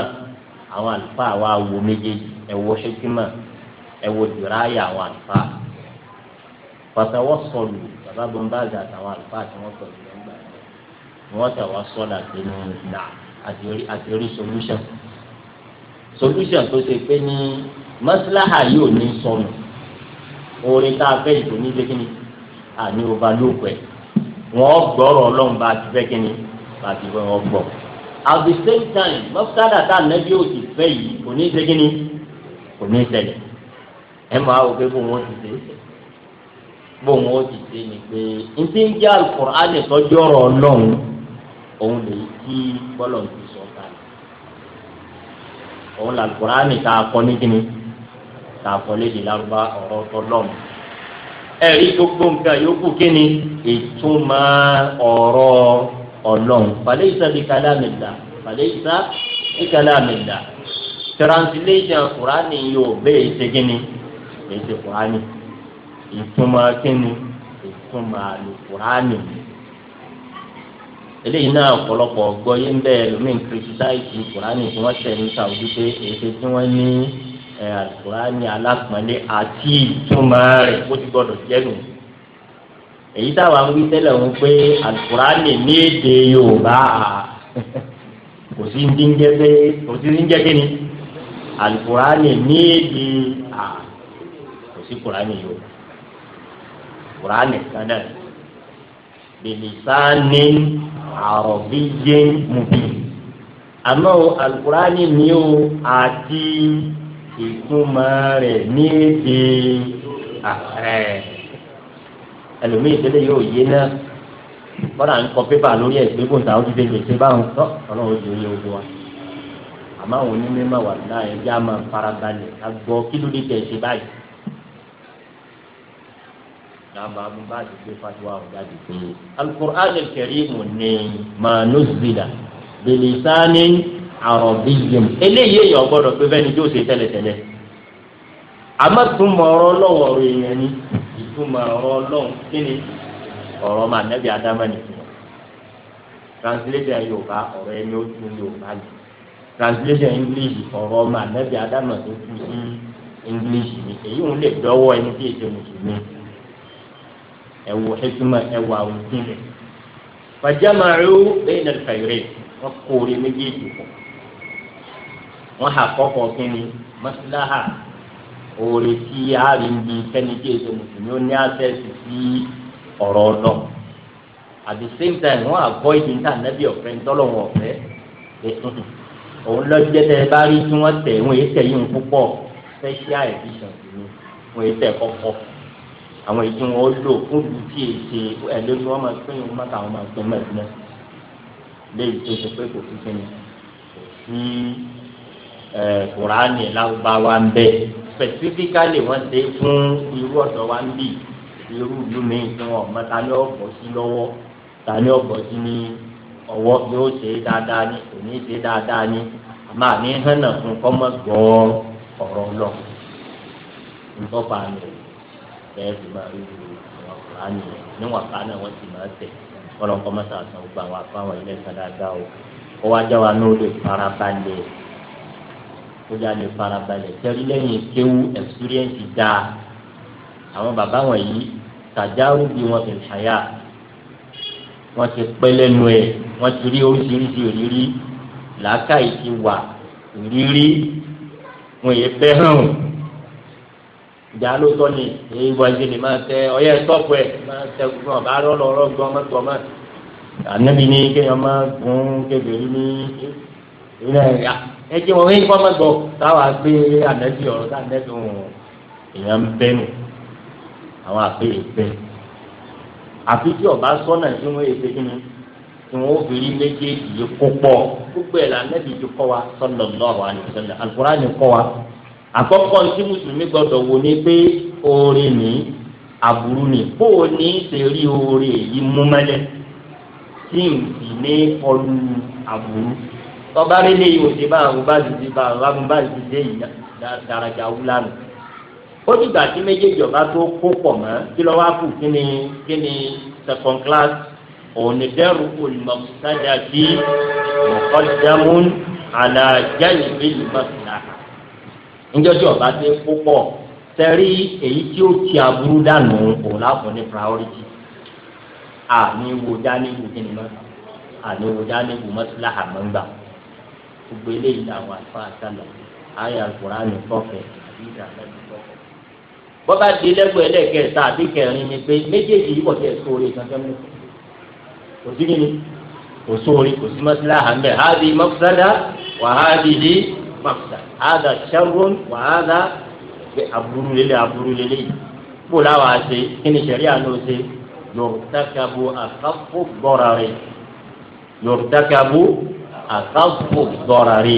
àwọn àlùfáà wa wo méjèèjì ẹ wo hekima ẹ wo dìráyà àwọn àlùfáà pàtàwọ́ sọlù bàbá bọ́ńbáàgì àtàwọn àlùfáà tí wọ́n sọlù lọ́gbà rẹ̀ wọ́n tàwa sọ́dà sínú ìlà àti orí solution solution tó ṣe pé ní mọ́síláhà yóò ní sọnù orin tá a fẹ́ ìtò ní lẹ́kìnní àní overlook ẹ̀ wọ́n gbọ́rọ̀ ọlọ́run bá ti fẹ́ kí ni bá ti fẹ́ wọ́n gbọ́. at the same time mọ́sádà tá ànábì ò ti fẹ́ yìí kò ní í ṣe kí ni kò ní í ṣẹlẹ̀ ẹ máa wò pé bóun ó ti ṣe bóun ó ti ṣe ni pé n ti ń jẹ́ alukur'an ìtọ́jú ọ̀rọ̀ ọlọ́run òun lè kí bọ́lọ̀ ti sọ kalẹ̀ òun làlùkur'an ìta akọ ní kí ni ìta akọ lédè lárúbá ọ̀rọ̀ ọ̀tọ̀ ẹ̀rí gbogbo nǹkan yòókù kí ni ìtumọ̀ ọ̀rọ̀ ọlọ́run fàlẹ́ ìsàbí kálámìlà fàlẹ́ ìsàbí kálámìlà translation kurani yóò bẹ́ẹ̀ ṣe kí ni èyí ṣe kurani ìtumọ̀ kí ni ìtumọ̀ àlù kurani eléyìí náà ọ̀pọ̀lọpọ̀ gbọ́ yé ń bẹ́ẹ̀ lómi ń kìrìtìsáìsì kurani tí wọ́n ṣẹ̀ ní sàwùjú pé èyí ṣe tí wọ́n ní ẹ alukurani alápọ̀nlé àti ìtumọ̀ rẹ̀ kó ti gbọdọ̀ jẹ́nu. èyí táwa ń wí tẹ́lẹ̀ ń pé alukurani ní èdè yorùbá kò sí ní jẹ́ pé kò sí ní jẹ́ ni alukurani ní èdè à kò sí kurani yorùbá kurani kanáà bilisani arabiyin mubi àmọ́ alukurani ni o àti ìtumọ̀ rẹ̀ ní èdè ààrẹ ẹlòmíì tẹ́lẹ̀ yóò yé náà bọ́dà ń kọ pépà lórí ẹ̀ pé kò ń ta ojú tẹ̀lé ṣe báwọn tọ́ ọlọ́run ojú yẹ ojú wa àmọ́ àwọn onímọ̀ wà láàyè bí a máa farabalẹ̀ a gbọ́ kí ló dé tẹ̀ ṣe báyìí nàmà abúbáàdì gbé fatiwa ọ̀gáàdì pé alukur'an kẹrìmù ni màánù zìlà bèlè sáni àròbí yẹn eléyìí èèyàn gbọ́dọ̀ pé bẹ́ẹ̀ ni yóò ṣe tẹ́lẹ̀tẹ́lẹ̀ àmọ́ túmọ̀ ọ̀rọ̀ lọ́wọ́ ọ̀rọ̀ èèyàn ni ìtumọ̀ ọ̀rọ̀ Ọlọ́run kí ni ọ̀rọ̀ ọmọ ànábì adámẹ́ni translation Yorùbá ọ̀rọ̀ ẹni ó tún Yorùbá yìí translation English ọ̀rọ̀ ọmọ ànábì adámẹ́ni tó tún sí English ni èyí òun lè dọ́wọ́ ẹni tí èsè mùsùlùmí ẹ̀wọ̀ ẹ̀túmọ̀ ẹ̀wọ̀ àwùjọ rẹ̀ fàjámàrú bẹ́ẹ̀ ní ẹ̀fẹ̀ rẹ̀ wọ́n kórè méjèèjì pọ̀ wọn hà kọkọ kínní mọsíláhà òòrè tí a rí ní kẹ́nìkì èso mùsùlùmí ó ní àṣẹ́sì sí ọ̀rọ̀ ọ̀nà at the same time wọn avoid níta nẹ́bí ọ̀fẹ́ ńtọ́lọ́wọ̀n ọ̀fẹ́ òun lọ́jọ́ tẹ bá rí tí wọ́n tẹ̀ wọ́n èyí tẹ̀ yín púpọ̀ special edition ni wọ́n èyí tẹ̀ kọ́kọ́ àwọn èyí tí wọ́n lò fún ìlú tí èsè ẹ̀lẹ́ ni wọ́n máa pín in mọ́ta àwọn máa pín mẹ́tìmẹ́ léyìí tó ṣe pé kò sí kí ni kò sí. kùránì eh, lágbàwá ń bẹ specifically wọ́n ṣe fún irú ọ̀dọ́ wa ń bì irú ìlú mi tí wọ́n mọ ta ni ó bọ̀ sí lọwọ ta ni ó bọ̀ sí ní ọwọ yóò ṣe dáadáa ní kò ṣe dáadáa ní àmọ́ àní hànà fún kọ́mọ gbọ́ ọ̀rọ̀ lọ ntọ́fà ni máa àwọn yẹn ó yà lè farabalẹ̀ tẹ́rí lẹ́yìn kéwú experience dáa àwọn bàbá wọ̀nyí tàjáwó bí wọ́n ti ṣàyà wọ́n ti pẹ́ lẹ́nu ẹ̀ wọ́n ti rí oríṣiríṣi ìrírí làákàyè ti wà ìrírí wọn yẹ fẹ́ hàn ìjà ló èyí wọ́n ṣe máa tẹ ọyẹ́ tọ́pù ẹ̀ máa tẹ gbọ́n bá rọ́lọ́ ọ̀rọ̀ gbọ́n mọ́ gbọ́n mọ́ ànábi ní kéèyàn máa gún kébèrè ní ilé ẹ̀yà ẹjẹ wọn wí kọ́ mọ́gbọ́ táwa gbé ànẹ́bí ọ̀rọ̀ tá ànẹ́bí wọn èèyàn ń bẹ́ nù àwọn àpèrè bẹ́ àfi tí ọba sọ́nà tí wọ́n èsè kí ni tí wọ́n fi rí méjèèjì yìí kó pọ̀ gbogbo ẹ̀ lànẹ́bí ti kọ́ wa sallallahu alaihi wasallam Al-Qur'an ni kọ́ wa àkọ́kọ́ tí mùsùlùmí gbọ́dọ̀ wò ni pé oore ni aburú ni kó o ní ṣe rí oore yìí mú mẹ́lẹ̀ tí n sì ní ọlù aburú tọba lílé yìí òde bá àwọn bá dìde bá àwọn àwọn bá dìde yìí daraja wúlá nù ó dìgbà tí méjèèjì ọba tó kó pọ̀ mọ́ kí lọ́ wá kù kí ni kí ni second class òní dẹ́rù olùmọ̀sájà sí mọ̀kọ́dámún àlàjáyé ìlúmọ̀sílá níjọ́ tí ọba tó kó pọ̀ tẹ̀rí èyí tí ó ti aburú dànù òun láàbọ̀ ní priority àníwò dání wò kí ni mọ́ àníwò dání wò mọ́sílá àmọ́ ń gbà gbogbo eléyìí làwọn àlùfáà sálọ àyà àlùkùránì tọfẹ àbí ìdàlẹ́bí tọfẹ. bọ́bá di lẹ́gbẹ̀ẹ́ ẹlẹ́kẹ̀ẹ́ta àbí kẹrin ni pé méjèèjì yìí wọ̀tẹ́ sóore kankan mú kò sí nínú kò sóore kò sí mọ́sílá àmì hàbí mọ́sálá wàhálì ní mọ́sálá hàdà sẹ́rún wàhálà aburú lélẹ̀ aburú lélẹ̀ kó láwa ṣe kí ni sẹ̀ríà ló ṣe yorùtakabu àkàfọ́ gbọ́ra rẹ̀ àkàbò dọ̀rọ̀rì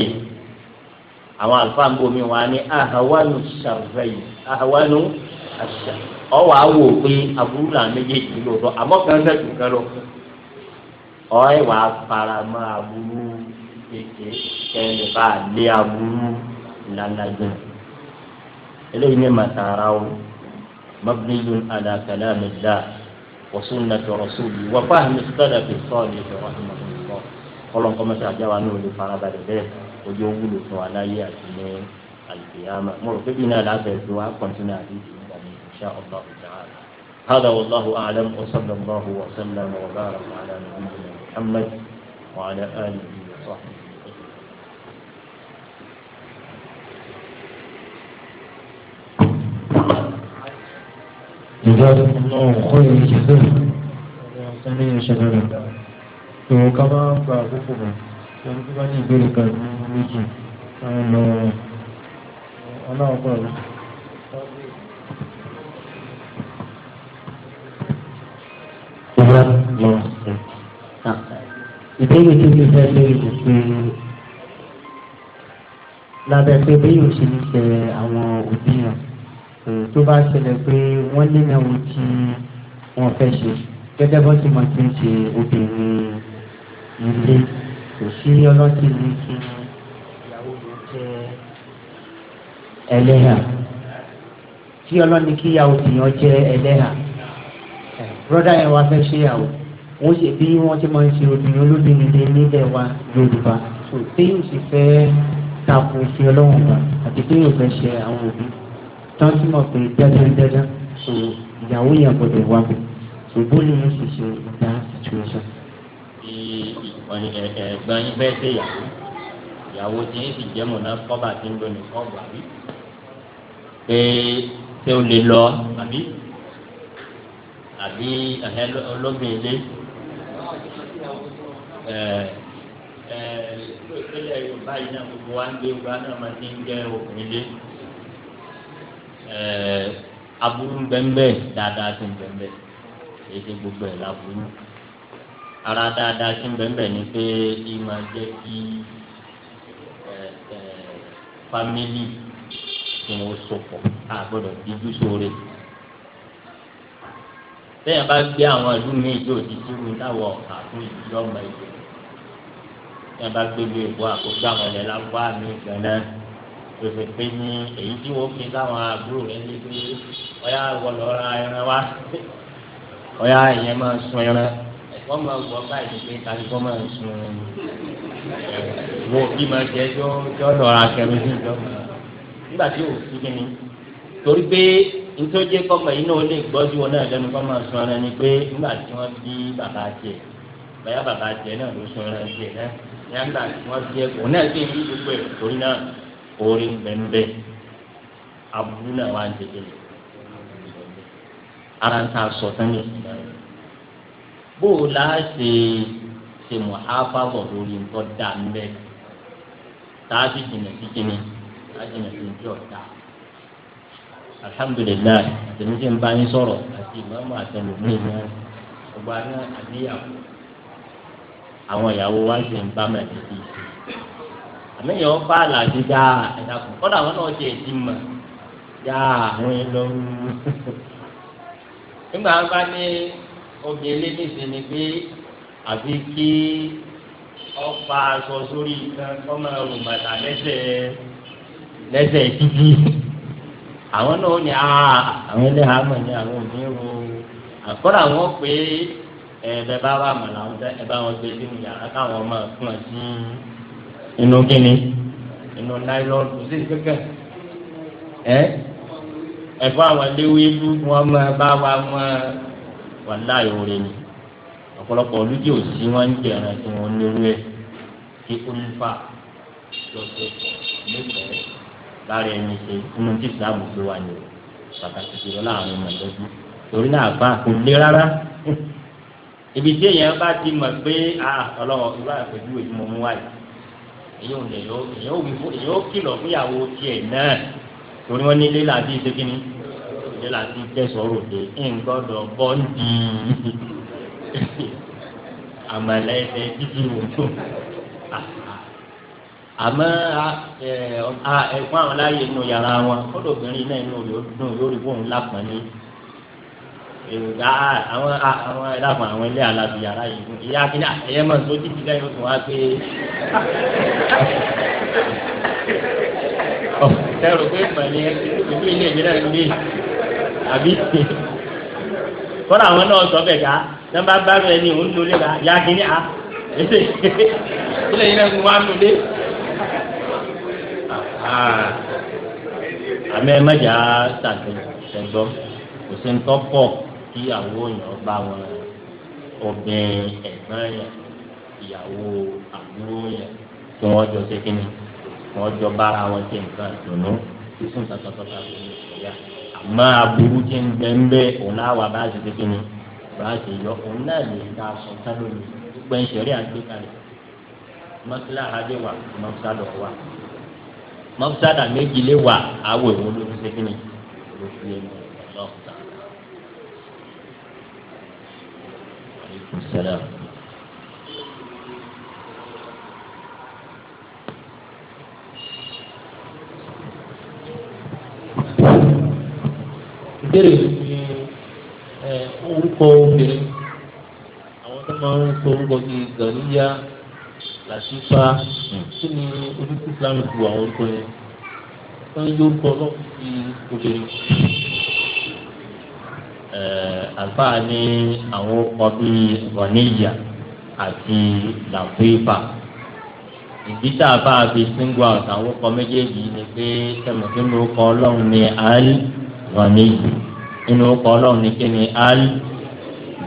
àwọn àlùfáà bomi wọn ni ahawanu sàrẹ́yì ahawanu àṣà ọwọ́ àwò pé aburú náà méjèèjì ló sọ kan náà tún kan lọ ọ wàá fara mọ́ aburú kékeré kẹ́ni bá lé aburú lálàjẹ́ eléyìí ní màtàrà o mabniyun ala kalamillah wa sunnati rasuli wa fahmi salafi salihi rahimahullah. kọ́lọ́nkọ́ mọ́tò àjáwá náà lè farabalẹ̀ bẹ́ẹ̀ ojú ó wúlò fún aláyé àti ní alìkèyàmà mo rò pé bí náà lábẹ́ tó wá kọ́ńtínú àdìsí nígbà mi insha Allah ta'ala. هذا والله أعلم وصلى الله ọ̀sán وبارك على نبينا محمد وعلى آله وصحبه جزاكم الله خير جزاكم الله خير tòun ká máa ń gba àkókò mọ́ ẹni tó bá ní ìbéèrè kan ní méjì àwọn ọmọ ọlọ́ọ̀pọ̀ rẹ̀. ìyá lọ sí ìbéèrè tí mi fẹ́ lórí mi pé lábẹ́ pé bí yóò ṣe ní ṣe àwọn òbí yàn tó bá ṣẹlẹ̀ pé wọ́n lé náà tí wọ́n fẹ́ ṣe gẹ́gẹ́ bó ti mọ̀ tí ṣe obìnrin ilé kò sí ọlọ́tí ní kí ìyàwó mi jẹ́ ẹlẹ́hà tí ọlọ́ni kí ìyàwó tìyàn jẹ́ ẹlẹ́hà brọ́dá yẹn wá fẹ́ ṣe ìyàwó wọ́n ṣe bí wọ́n ti máa ń ṣe obìnrin olóbìnrin nílẹ̀ wa Yorùbá kò téyìn sì fẹ́ tako òfin ọlọ́run wa àti téyìn fẹ́ ṣe àwọn òbí tán tí mo pè dandan dandan ìyàwó yẹn gbọdọ̀ wá bẹ̀ ṣùgbọ́n ní mo sì ṣe ìdá situation tí ẹ̀gbọ́n yín fẹ́ ṣe yàwó ìyàwó tí yín sì jẹ́ mọ̀nà kọ́bà tí ń lò ní kọ́bà rí pé ṣé o lè lọ àbí àbí ológun ilé ìpínlẹ̀ yorùbá yìí náà gbogbo wa ń gbé wa náà máa ti ń jẹ́ obìnrin lé aburú bẹ́ẹ̀ bẹ́ẹ̀ dáadáa ti bẹ́ẹ̀ bẹ́ẹ̀ èyí ti gbogbo ẹ̀ láburú ara dáadáa tí ń bẹ̀ẹ̀bẹ̀ ni pé kí máa jẹ́ kí fámìlì tí wọ́n sopọ̀ àgbọ̀dọ̀ díjú sóore. bẹ́ẹ̀ bá gbé àwọn ìlú míì tó ti dúró láwọ̀ àfún ìlú ọmọ ìlú bẹ́ẹ̀ bá gbé bí èkó àkójọ àwọn ilẹ̀ lágbá mi gan pèsè pé ní èyí tí wọ́n fi láwọn àbúrò rẹ̀ ní pé ọ̀yá wọlọ́ra ẹran wá ọ̀yá ìyẹn máa sun ẹran wọ́n máa wọ báyìí pé tàbí kọ́ máa sun wo bí máa jẹ jọ jọ lọ́ra kẹrin sí jọ nígbà tí ò kí ni torí pé ntọ́jẹ́ kọ́mọ yìí náà lè gbọ́jú wọn náà lẹ́nu kọ́ máa sun ara ẹni pé nígbà tí wọ́n bí bàbá jẹ bàyá bàbá jẹ náà ló sun ara jẹ náà ní àgbà tí wọ́n jẹ òun náà sì ń bí gbogbo ẹ̀ torí náà orí ń aburú náà wà ń tètè ara ń ta sọ tán ní ìsìn náà bó o la ṣe ṣe mọ̀ áfàbọ̀ lórí nǹkan dà ńlẹ̀ tá a ti jìnà sí jìnà tá a jìnà sí ìjọ dà. alhamdulilayi àtẹ̀mí tí ń bá yín sọ̀rọ̀ àti ìmọ̀ọ́mọ́ àtẹnudún ní ọgbà náà àníyàwó àwọn ìyàwó wa ṣe ń bá mẹ́rin sí i. àmì ìyàwó bá àlàjì dá ẹ̀dá kù kọ́dà àwọn náà ṣe èdè mọ̀ dá àwọn ìlọrin. nígbà wọn bá ní obì eléyìí ni pé àfi kí ọfà aṣọ sórí ọmọ ọrùn bàtà lẹ́sẹ̀ lẹ́sẹ̀ títí àwọn náà ah, ní àwọn ilé hàmà ní àwọn òbí ro àkọ́dà wọn pé ẹ̀ẹ́dẹ̀ bá wà mọ̀ làwọn ẹ bá wọn gbé sínú yàrá káwọn ọmọ fún ẹ sí inú gíní inú náírọ̀nù kò sí kẹ́kẹ́ ẹ ẹ̀fọ́ àwọn ẹlẹ́wẹ̀ẹ́ lù wọn máa bá wa máa wàláyé òre ni ọ̀pọ̀lọpọ̀ olùdí òsì wọn ń jẹ̀ràn tí wọ́n lérú ẹ̀ kí olùfà lọ́sẹ̀ nífẹ̀ẹ́ lára ẹni ṣe inú tí ìsìlámù gbé wà ní pàtàkì jùlọ láàrin mọ̀lẹ́bí torí náà bá kò lé rárá ibi tí èèyàn bá ti mọ̀ pé ọlọ́wọ́ irú àpèjúwe tí mo mú wáyé èyàn ò lè yọ èyàn ò kìlọ̀ fúnyàwó tiẹ̀ náà torí wọ́n nílé làbí ìṣèkínní òde láti tẹ̀sọ̀ òde ńgọ́dọ̀ bọ́ǹdì àmàlẹ́ ẹ̀fẹ́ títí wòtó àmọ́ ẹ̀fọn àwọn láàyè inú yàrá wọn kódò obìnrin náà inú rẹ̀ dùn yóò rí bóun lápọn ní èròjà àwọn àwọn ẹlẹ́dàgbọ̀n àwọn ilé alábi yàrá yìí fún ìyá akíní ẹ̀yẹ mọ̀ tó títí lẹ́yìn oṣù wa pé ẹ̀rù pé ìmọ̀ ni ẹ̀ ìlú ilé ìgbéra ìlú yìí àbí kọ́ra àwọn náà sọ bẹ́ẹ̀ ká nàbà bá rẹ̀ ni òun lólè ká yá kínní à ẹsẹ̀ ilẹ̀ yìí náà ń wá lólè. àmì ẹ mẹ́jà sàgbẹ́ ẹ̀gbọ́ kò sí ń tọ́pọ̀ kí àwọn èèyàn bá wọn ọbẹ̀ ẹ̀gbọ́n yẹn ìyàwó àbúrò yẹn kí wọ́n jọ ṣe kínní wọ́n jọ bára wọn ṣe nǹkan ìdùnnú sísun tàtàtàtà lórí ìṣẹ̀yà máa burú tí ń bẹ ń bẹ òun náà wà bá a ṣe kékeré ni bá a ṣe yọ òun náà lè ta aṣọ sálọ ní gbẹ ìṣẹ̀rí àgbékalẹ̀ mọ́sálà adé wà mọ́sálà wà mọ́sálà méjì lé wà àwọ̀ ìwọ́n ló fi ṣe kékeré ló fi lé lọ lọ́ọ̀tà. ìbéèrè mi ẹ orúkọ obìnrin àwọn tó máa ń sọ orúkọ bíi ganiya làṣífà kí ni orúkọ islam ju àwọn orúkọ yẹn wọn ń lórúkọ ọlọ́run bíi obìnrin. àlùfáà ní àwọn orúkọ bíi ganiya àti làfífà ìdí tá a bá fi single out àwọn ọkọ méjèèjì ni pé tẹmọtẹmọ ọkọ Ọlọ́run ni àárí wọn níyì inú ọkọ̀ ọlọ́run ní kíni al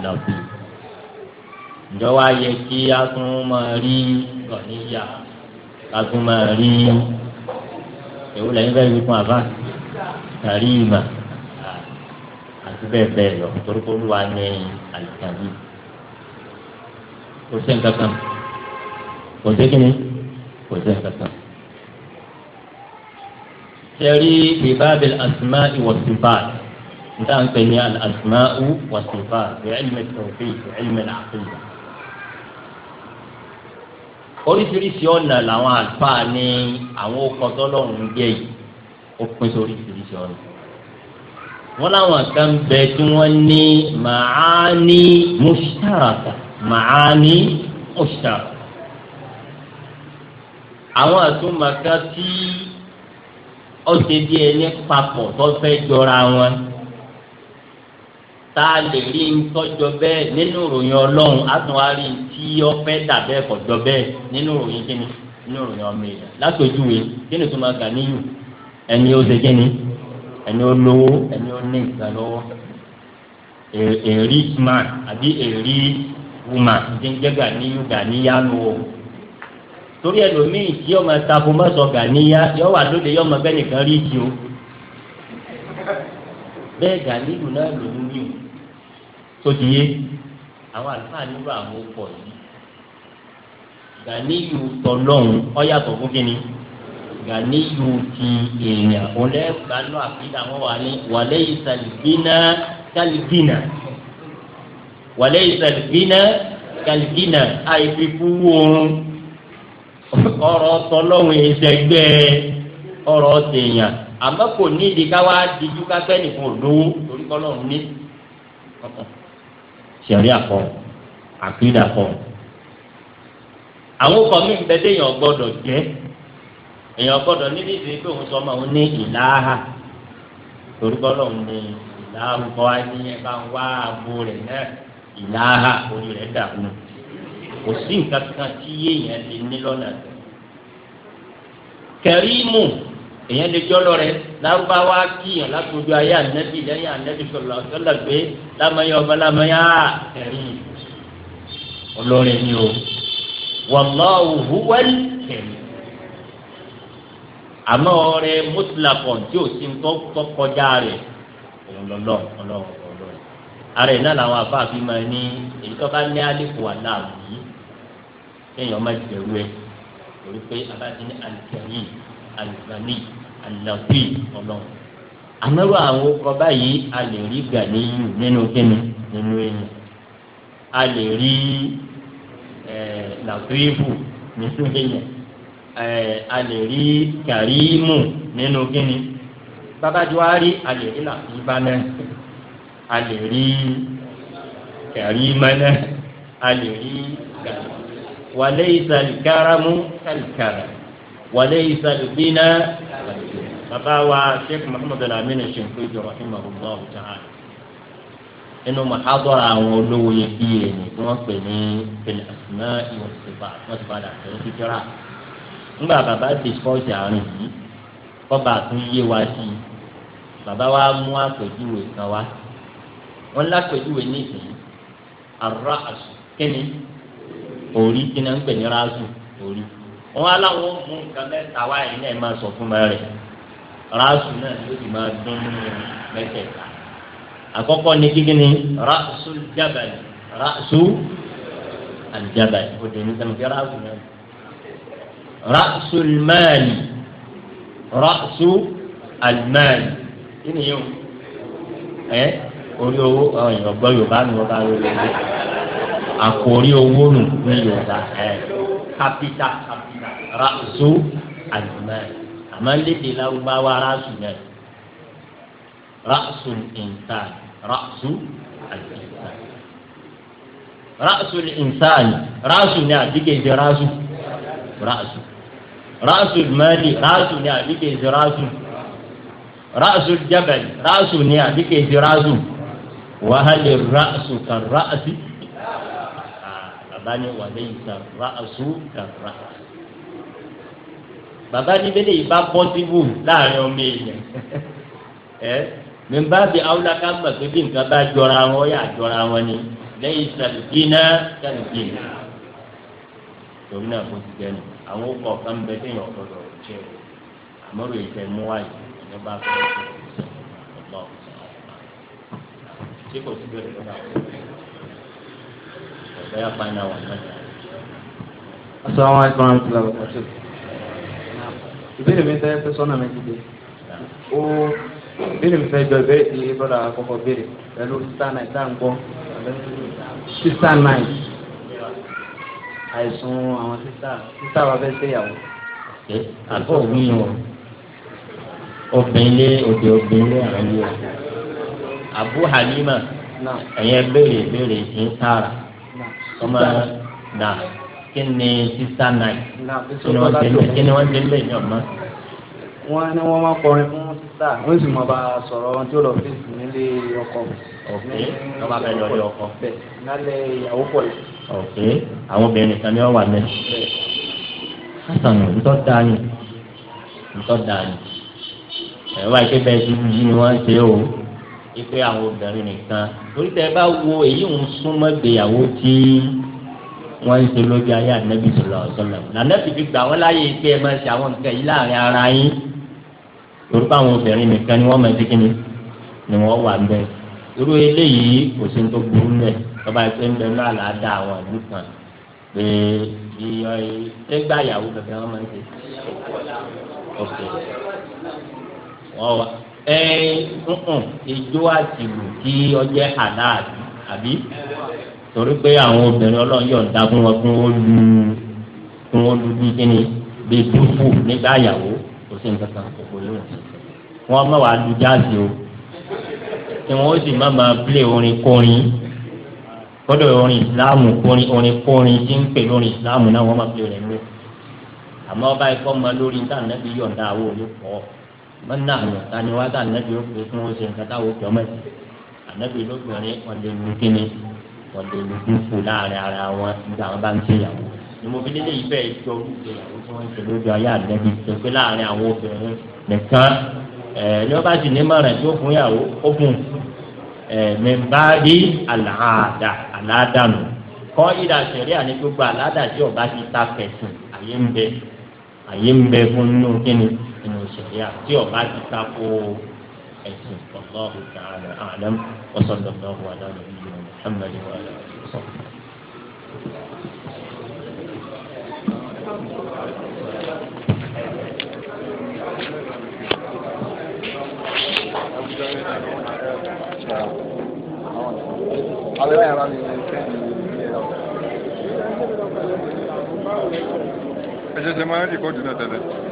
nàbí ǹjọ́ wá yẹ kí a tún máa rí gọ̀níyà a tún máa rí èwo lẹ́yìn bẹ́ẹ̀ wípé àbá kàrí ìmà àti bẹ́ẹ̀ bẹ́ẹ̀ lọ torí kó wà ní àlìkàbí kò sí nǹkan kan kò sí kíni kò sí nǹkan kan. Ṣé rí bíbáàbí asùnmá ìwọ̀sùn báàlì? nta n pè ní al-asma'u wa sifat fi ilmi tawfiq fi ilmi al-aqida. oríṣiríṣi ọ̀nà làwọn àlùfáà ní àwọn ọkọ̀tọ́ lọ́hùn-ún jẹ́ yìí ó pín sí oríṣiríṣi ọ̀nà. wọ́n láwọn kan bẹ tí wọ́n ní màáni mushtaraka màáni mushtaraka. àwọn àtúmọ̀ká tí ó díẹ̀ ní papọ̀ tó fẹ́ jọra wọn tá a lè rí ntọ́jọ bẹ́ẹ̀ nínú ìròyìn ọlọ́run a tún wá rí tí ọpẹ́ dàbẹ́ kọjọ bẹ́ẹ̀ nínú ìròyìn kíni nínú ìròyìn ọmọ èèyàn látòjúwe kíni tó máa gà níyù ẹni ó ṣe kíni ẹni ó lówó ẹni ó ní nǹkan lọ́wọ́ a rich man àbí a rich woman ti ń jẹ́ gàníyù gàníyànú o torí ẹlòmíì tí yọ máa ta fún mọ́sọ̀ gàníyà yọ wà lóde yọ máa bẹ́ nìkan rí ti o bẹ́ẹ̀ gàlílù náà ló ń wí o tó ti yé àwọn àlùfáà nílò àwọn ọkọ̀ yìí gàlílù tọlọ́hún ọ̀yàtọ̀ fún kínní gàlílù ti èèyàn ọlẹ́gbàánú àfihàn àwọn wàlẹ́ ìsàlìbínà kálíbínà wàlẹ́ ìsàlìbínà kálíbínà àìfikú oorun ọ̀rọ̀ tọlọ́hún ẹ̀ṣẹ̀gbẹ́ ọ̀rọ̀ tèèyàn àmọ́ kò ní ìdí ká wá díjú ká fẹ́ nìkan òdòwó torí kọ́ lọ́run ní. sẹ̀rí àkọ́ àkídà kọ́ àwọn ọkọ̀ mi ń bẹ déèyàn gbọ́dọ̀ jẹ́ èèyàn gbọ́dọ̀ níbi ìdí pé òun sọ ọmọ òun ní ìlàhà torí kọ́ lọ́run ní ìlàhà kọ́ á ní ẹ bá ń wá abo rẹ̀ náà ìlàhà orí rẹ̀ dàrú kò sí nǹkan kan tí yéèyàn ti ní lọ́nà kẹrímù èyàn lè jọ lọ rẹ lárúbáwá kíyàn látọjú ayé ànẹbí lẹ́yìn ànẹbí sọlọ sọlọ gbé lamẹyà ọba lamẹyà ẹrin olórin ni o wallahu huwal karim àmọ́ ọrẹ mọtìlákọ tí o ti ń tọ kọjá rẹ ọlọlọ ọlọlọ ara ẹ náà làwọn afáàfin máa ní èyí tó bá ní àlékún aláàbò yìí kéèyàn má jẹrú ẹ torí pé abájí ní alikẹyìn alikẹyìn àlàbí ọlọ́run àmọ́rò àwọn ọkọ̀ báyìí a lè rí gàníyù nínú kíni nínú ẹ̀yìn a lè rí làtífù nínú ẹ̀yìn a lè rí kàrímù nínú kíni babájú wa rí a lè rí làtífà náà a rí kàrímà náà a lè wàlẹ́ ìsàlù bínà bàbá wa sheikh muhammadu aminu shinkudu rahimahullahu ta'ala inú mahadara àwọn olówó yẹn bí yẹn ni tí wọ́n pè ní fil asma'i was sifat wọ́n ti padà tó ti tẹ́ra ńgbà bàbá discourse àárín yìí kọ́ba tún yé wa sí i wa mú àpèjúwe kan wá wọ́n lápèjúwe nísìnyí ar-ra's kẹ́ni orí kí náà ń pè ní ráàsù orí wọn aláwọn mú nǹkan mẹ́ta wá yìí náà máa sọ fún ma rẹ ráàsù náà ló ti máa dún nínú mẹ́tẹ̀ẹ̀ta àkọ́kọ́ ní kíkí ni ráàsù jábàlì ráàsù àjábàlì òdò ní sàmì kí ráàsù náà ráàsù máàlì ráàsù àlmáàlì kí ni yóò ẹ orí owó ọ̀yìnbọ̀ Yorùbá ni wọ́n bá lórí ẹ̀ àkórí owó nù ní Yorùbá ẹ̀. capital razu alimali àmọ́ lédè lárúbáwá razu yẹn razu nǹkan razu alimali razu nǹkan razu ni àdìgẹ́ ìdè razu razu razu alimali razu ni àdìgẹ́ ìdè razu razu jabal razu ni àdìgẹ́ ìdè razu wàhálì razu kan razu. bàbá ní wàlẹ́ ìtàrà àṣù kàrà. bàbá ní bẹ́lẹ̀ ìbá pọ́sibú láàrin ọmọ èèyàn ẹ mẹ́mbà bí awúlá ká mọ̀ pé bí nǹkan bá jọra wọn yà jọra wọn ni lẹ́yìn sàlùkínà sàlùkínà torí náà kó ti dẹnu àwọn ọkọ̀ kan bẹ téèyàn ọ̀dọ̀dọ̀ jẹ́ o àmọ́ mú wáyé ẹ̀yọ́ bá fẹ́ẹ́ ṣe ọ̀gbọ́n tí kò sí bẹ̀rẹ̀ lọ́dọ̀ àwọn ọ̀gbọ́n. They are find out one. Asalaamu alaykum wa rahmatulah wa barakatuh. Ìbéèrè mi fẹ́ fẹ́ sọ́nà méjì dé. Ó ìbéèrè mi fẹ́ jọ ìbéèrè tí bọ́dà àkọ́kọ́ béèrè pẹ̀lú star nine tá à ń gbọ́. Sista nine. Àìsùn àwọn sista sista wa fẹ́ ṣèyàwó. Àbọ̀ mi o, obìnrin lé òde obìnrin lé àwọn ilé wa. Àbú Halima, ẹ̀yẹ béèrè béèrè ń tààrà ọmọ nà kí ni sísá náì kí ni wọ́n ti lè kí ni wọ́n ti lè ní ọmọ. wọ́n ní wọ́n máa kọrin fún sísá wọ́n sì máa bá a sọ̀rọ̀ ohun tí ó lọ fi sùn nílé ọkọ. ok wọ́n máa fẹ́ lọ rí ọkọ. bẹ́ẹ̀ nálẹ̀ ìyàwó pọ̀ yìí. ok àwọn obìnrin kan ni wọ́n wà mẹ́rin. sásán ntọ́ dáa ni ntọ́ dáa ni ẹ̀ wá ike bẹ́ẹ̀ ti yí ni wọ́n ṣe o ipe àwọn obìnrin nìkan torí tẹ bá wo èyí ń súnmọ́ ìgbéyàwó tí wọ́n ń ṣe lójú ayé ànábì sọ̀rọ̀ ọ̀sọ̀lọ̀ lànàbì fi gbà wọ́n láàyè pé ẹ máa ṣe àwọn nǹkan yìí láàrin ara yín torí pé àwọn obìnrin nìkan ni wọ́n máa ṣe kíni ni wọ́n wà ń bẹ̀ irú eléyìí kò sí ní tó burú lẹ̀ tọ́ba ẹgbẹ́ ń bẹ náà là dá àwọn ìlú kan pé ìyọ ẹgbẹ́ àyàwó bẹ̀rẹ̀ wọ́n máa ń ṣe ẹyin nǹkan ìjó àti ìlú kí ọjẹ halal àbí torí pé àwọn obìnrin ọlọ́run yọ̀ǹda fún wọn fún wọn lu fún wọn lu bíi kíni bíi dúfù nígbà yàwó kò sí nǹkan kan kò lè wọn. wọn má wàá lu jáàsì o tí wọn ó sì má máa plé orin kọrin kọ́dọ̀ orin ìsìláàmù kọrin orin kọrin tí ń pè lórin ìsìláàmù náà wọ́n má plé orin lórí àmọ́ báyìí kọ́ máa lórí níta nàbí yọ̀ǹda àwọn olùkọ́ mọ́nà àwọn tani wá tá ànábì ó pè fún oṣù nǹkan táwọn òkè ọmọ ẹ̀sìn ànábì lóbìnrin wọn lè lu kíni wọn lè lu dúfù láàrin ara wọn nígbà wọn bá ń ṣèyàwó ni mo fi lélẹ́yìí bẹ́ẹ̀ jọ ìgbéyàwó tí wọ́n ń ṣe lójú ayé ànábì tó pé láàrin àwọn obìnrin nìkan ni wọ́n bá sì ní mọ̀ràn tí ó fún yàwó ó fún mẹ́mbáàdì àlàáda àlàáda kọ́ ìdàṣẹ̀rí àní gbogbo àlàáda tí ọba àyè ń bẹ fún inú kíni inú ìṣẹ̀lẹ̀ àti ọba ti ta ko ẹ̀sìn ọlọ́run ọ̀gá àlẹ́ àlẹ́m ọ̀sán lọ́gbọ̀n wà lálẹ́ yìí wọn Muhammad wà lálẹ́ ọ̀sán. Àwọn ẹ̀rọ ni अच्छा जमाना रिकॉर्ड सुनाता था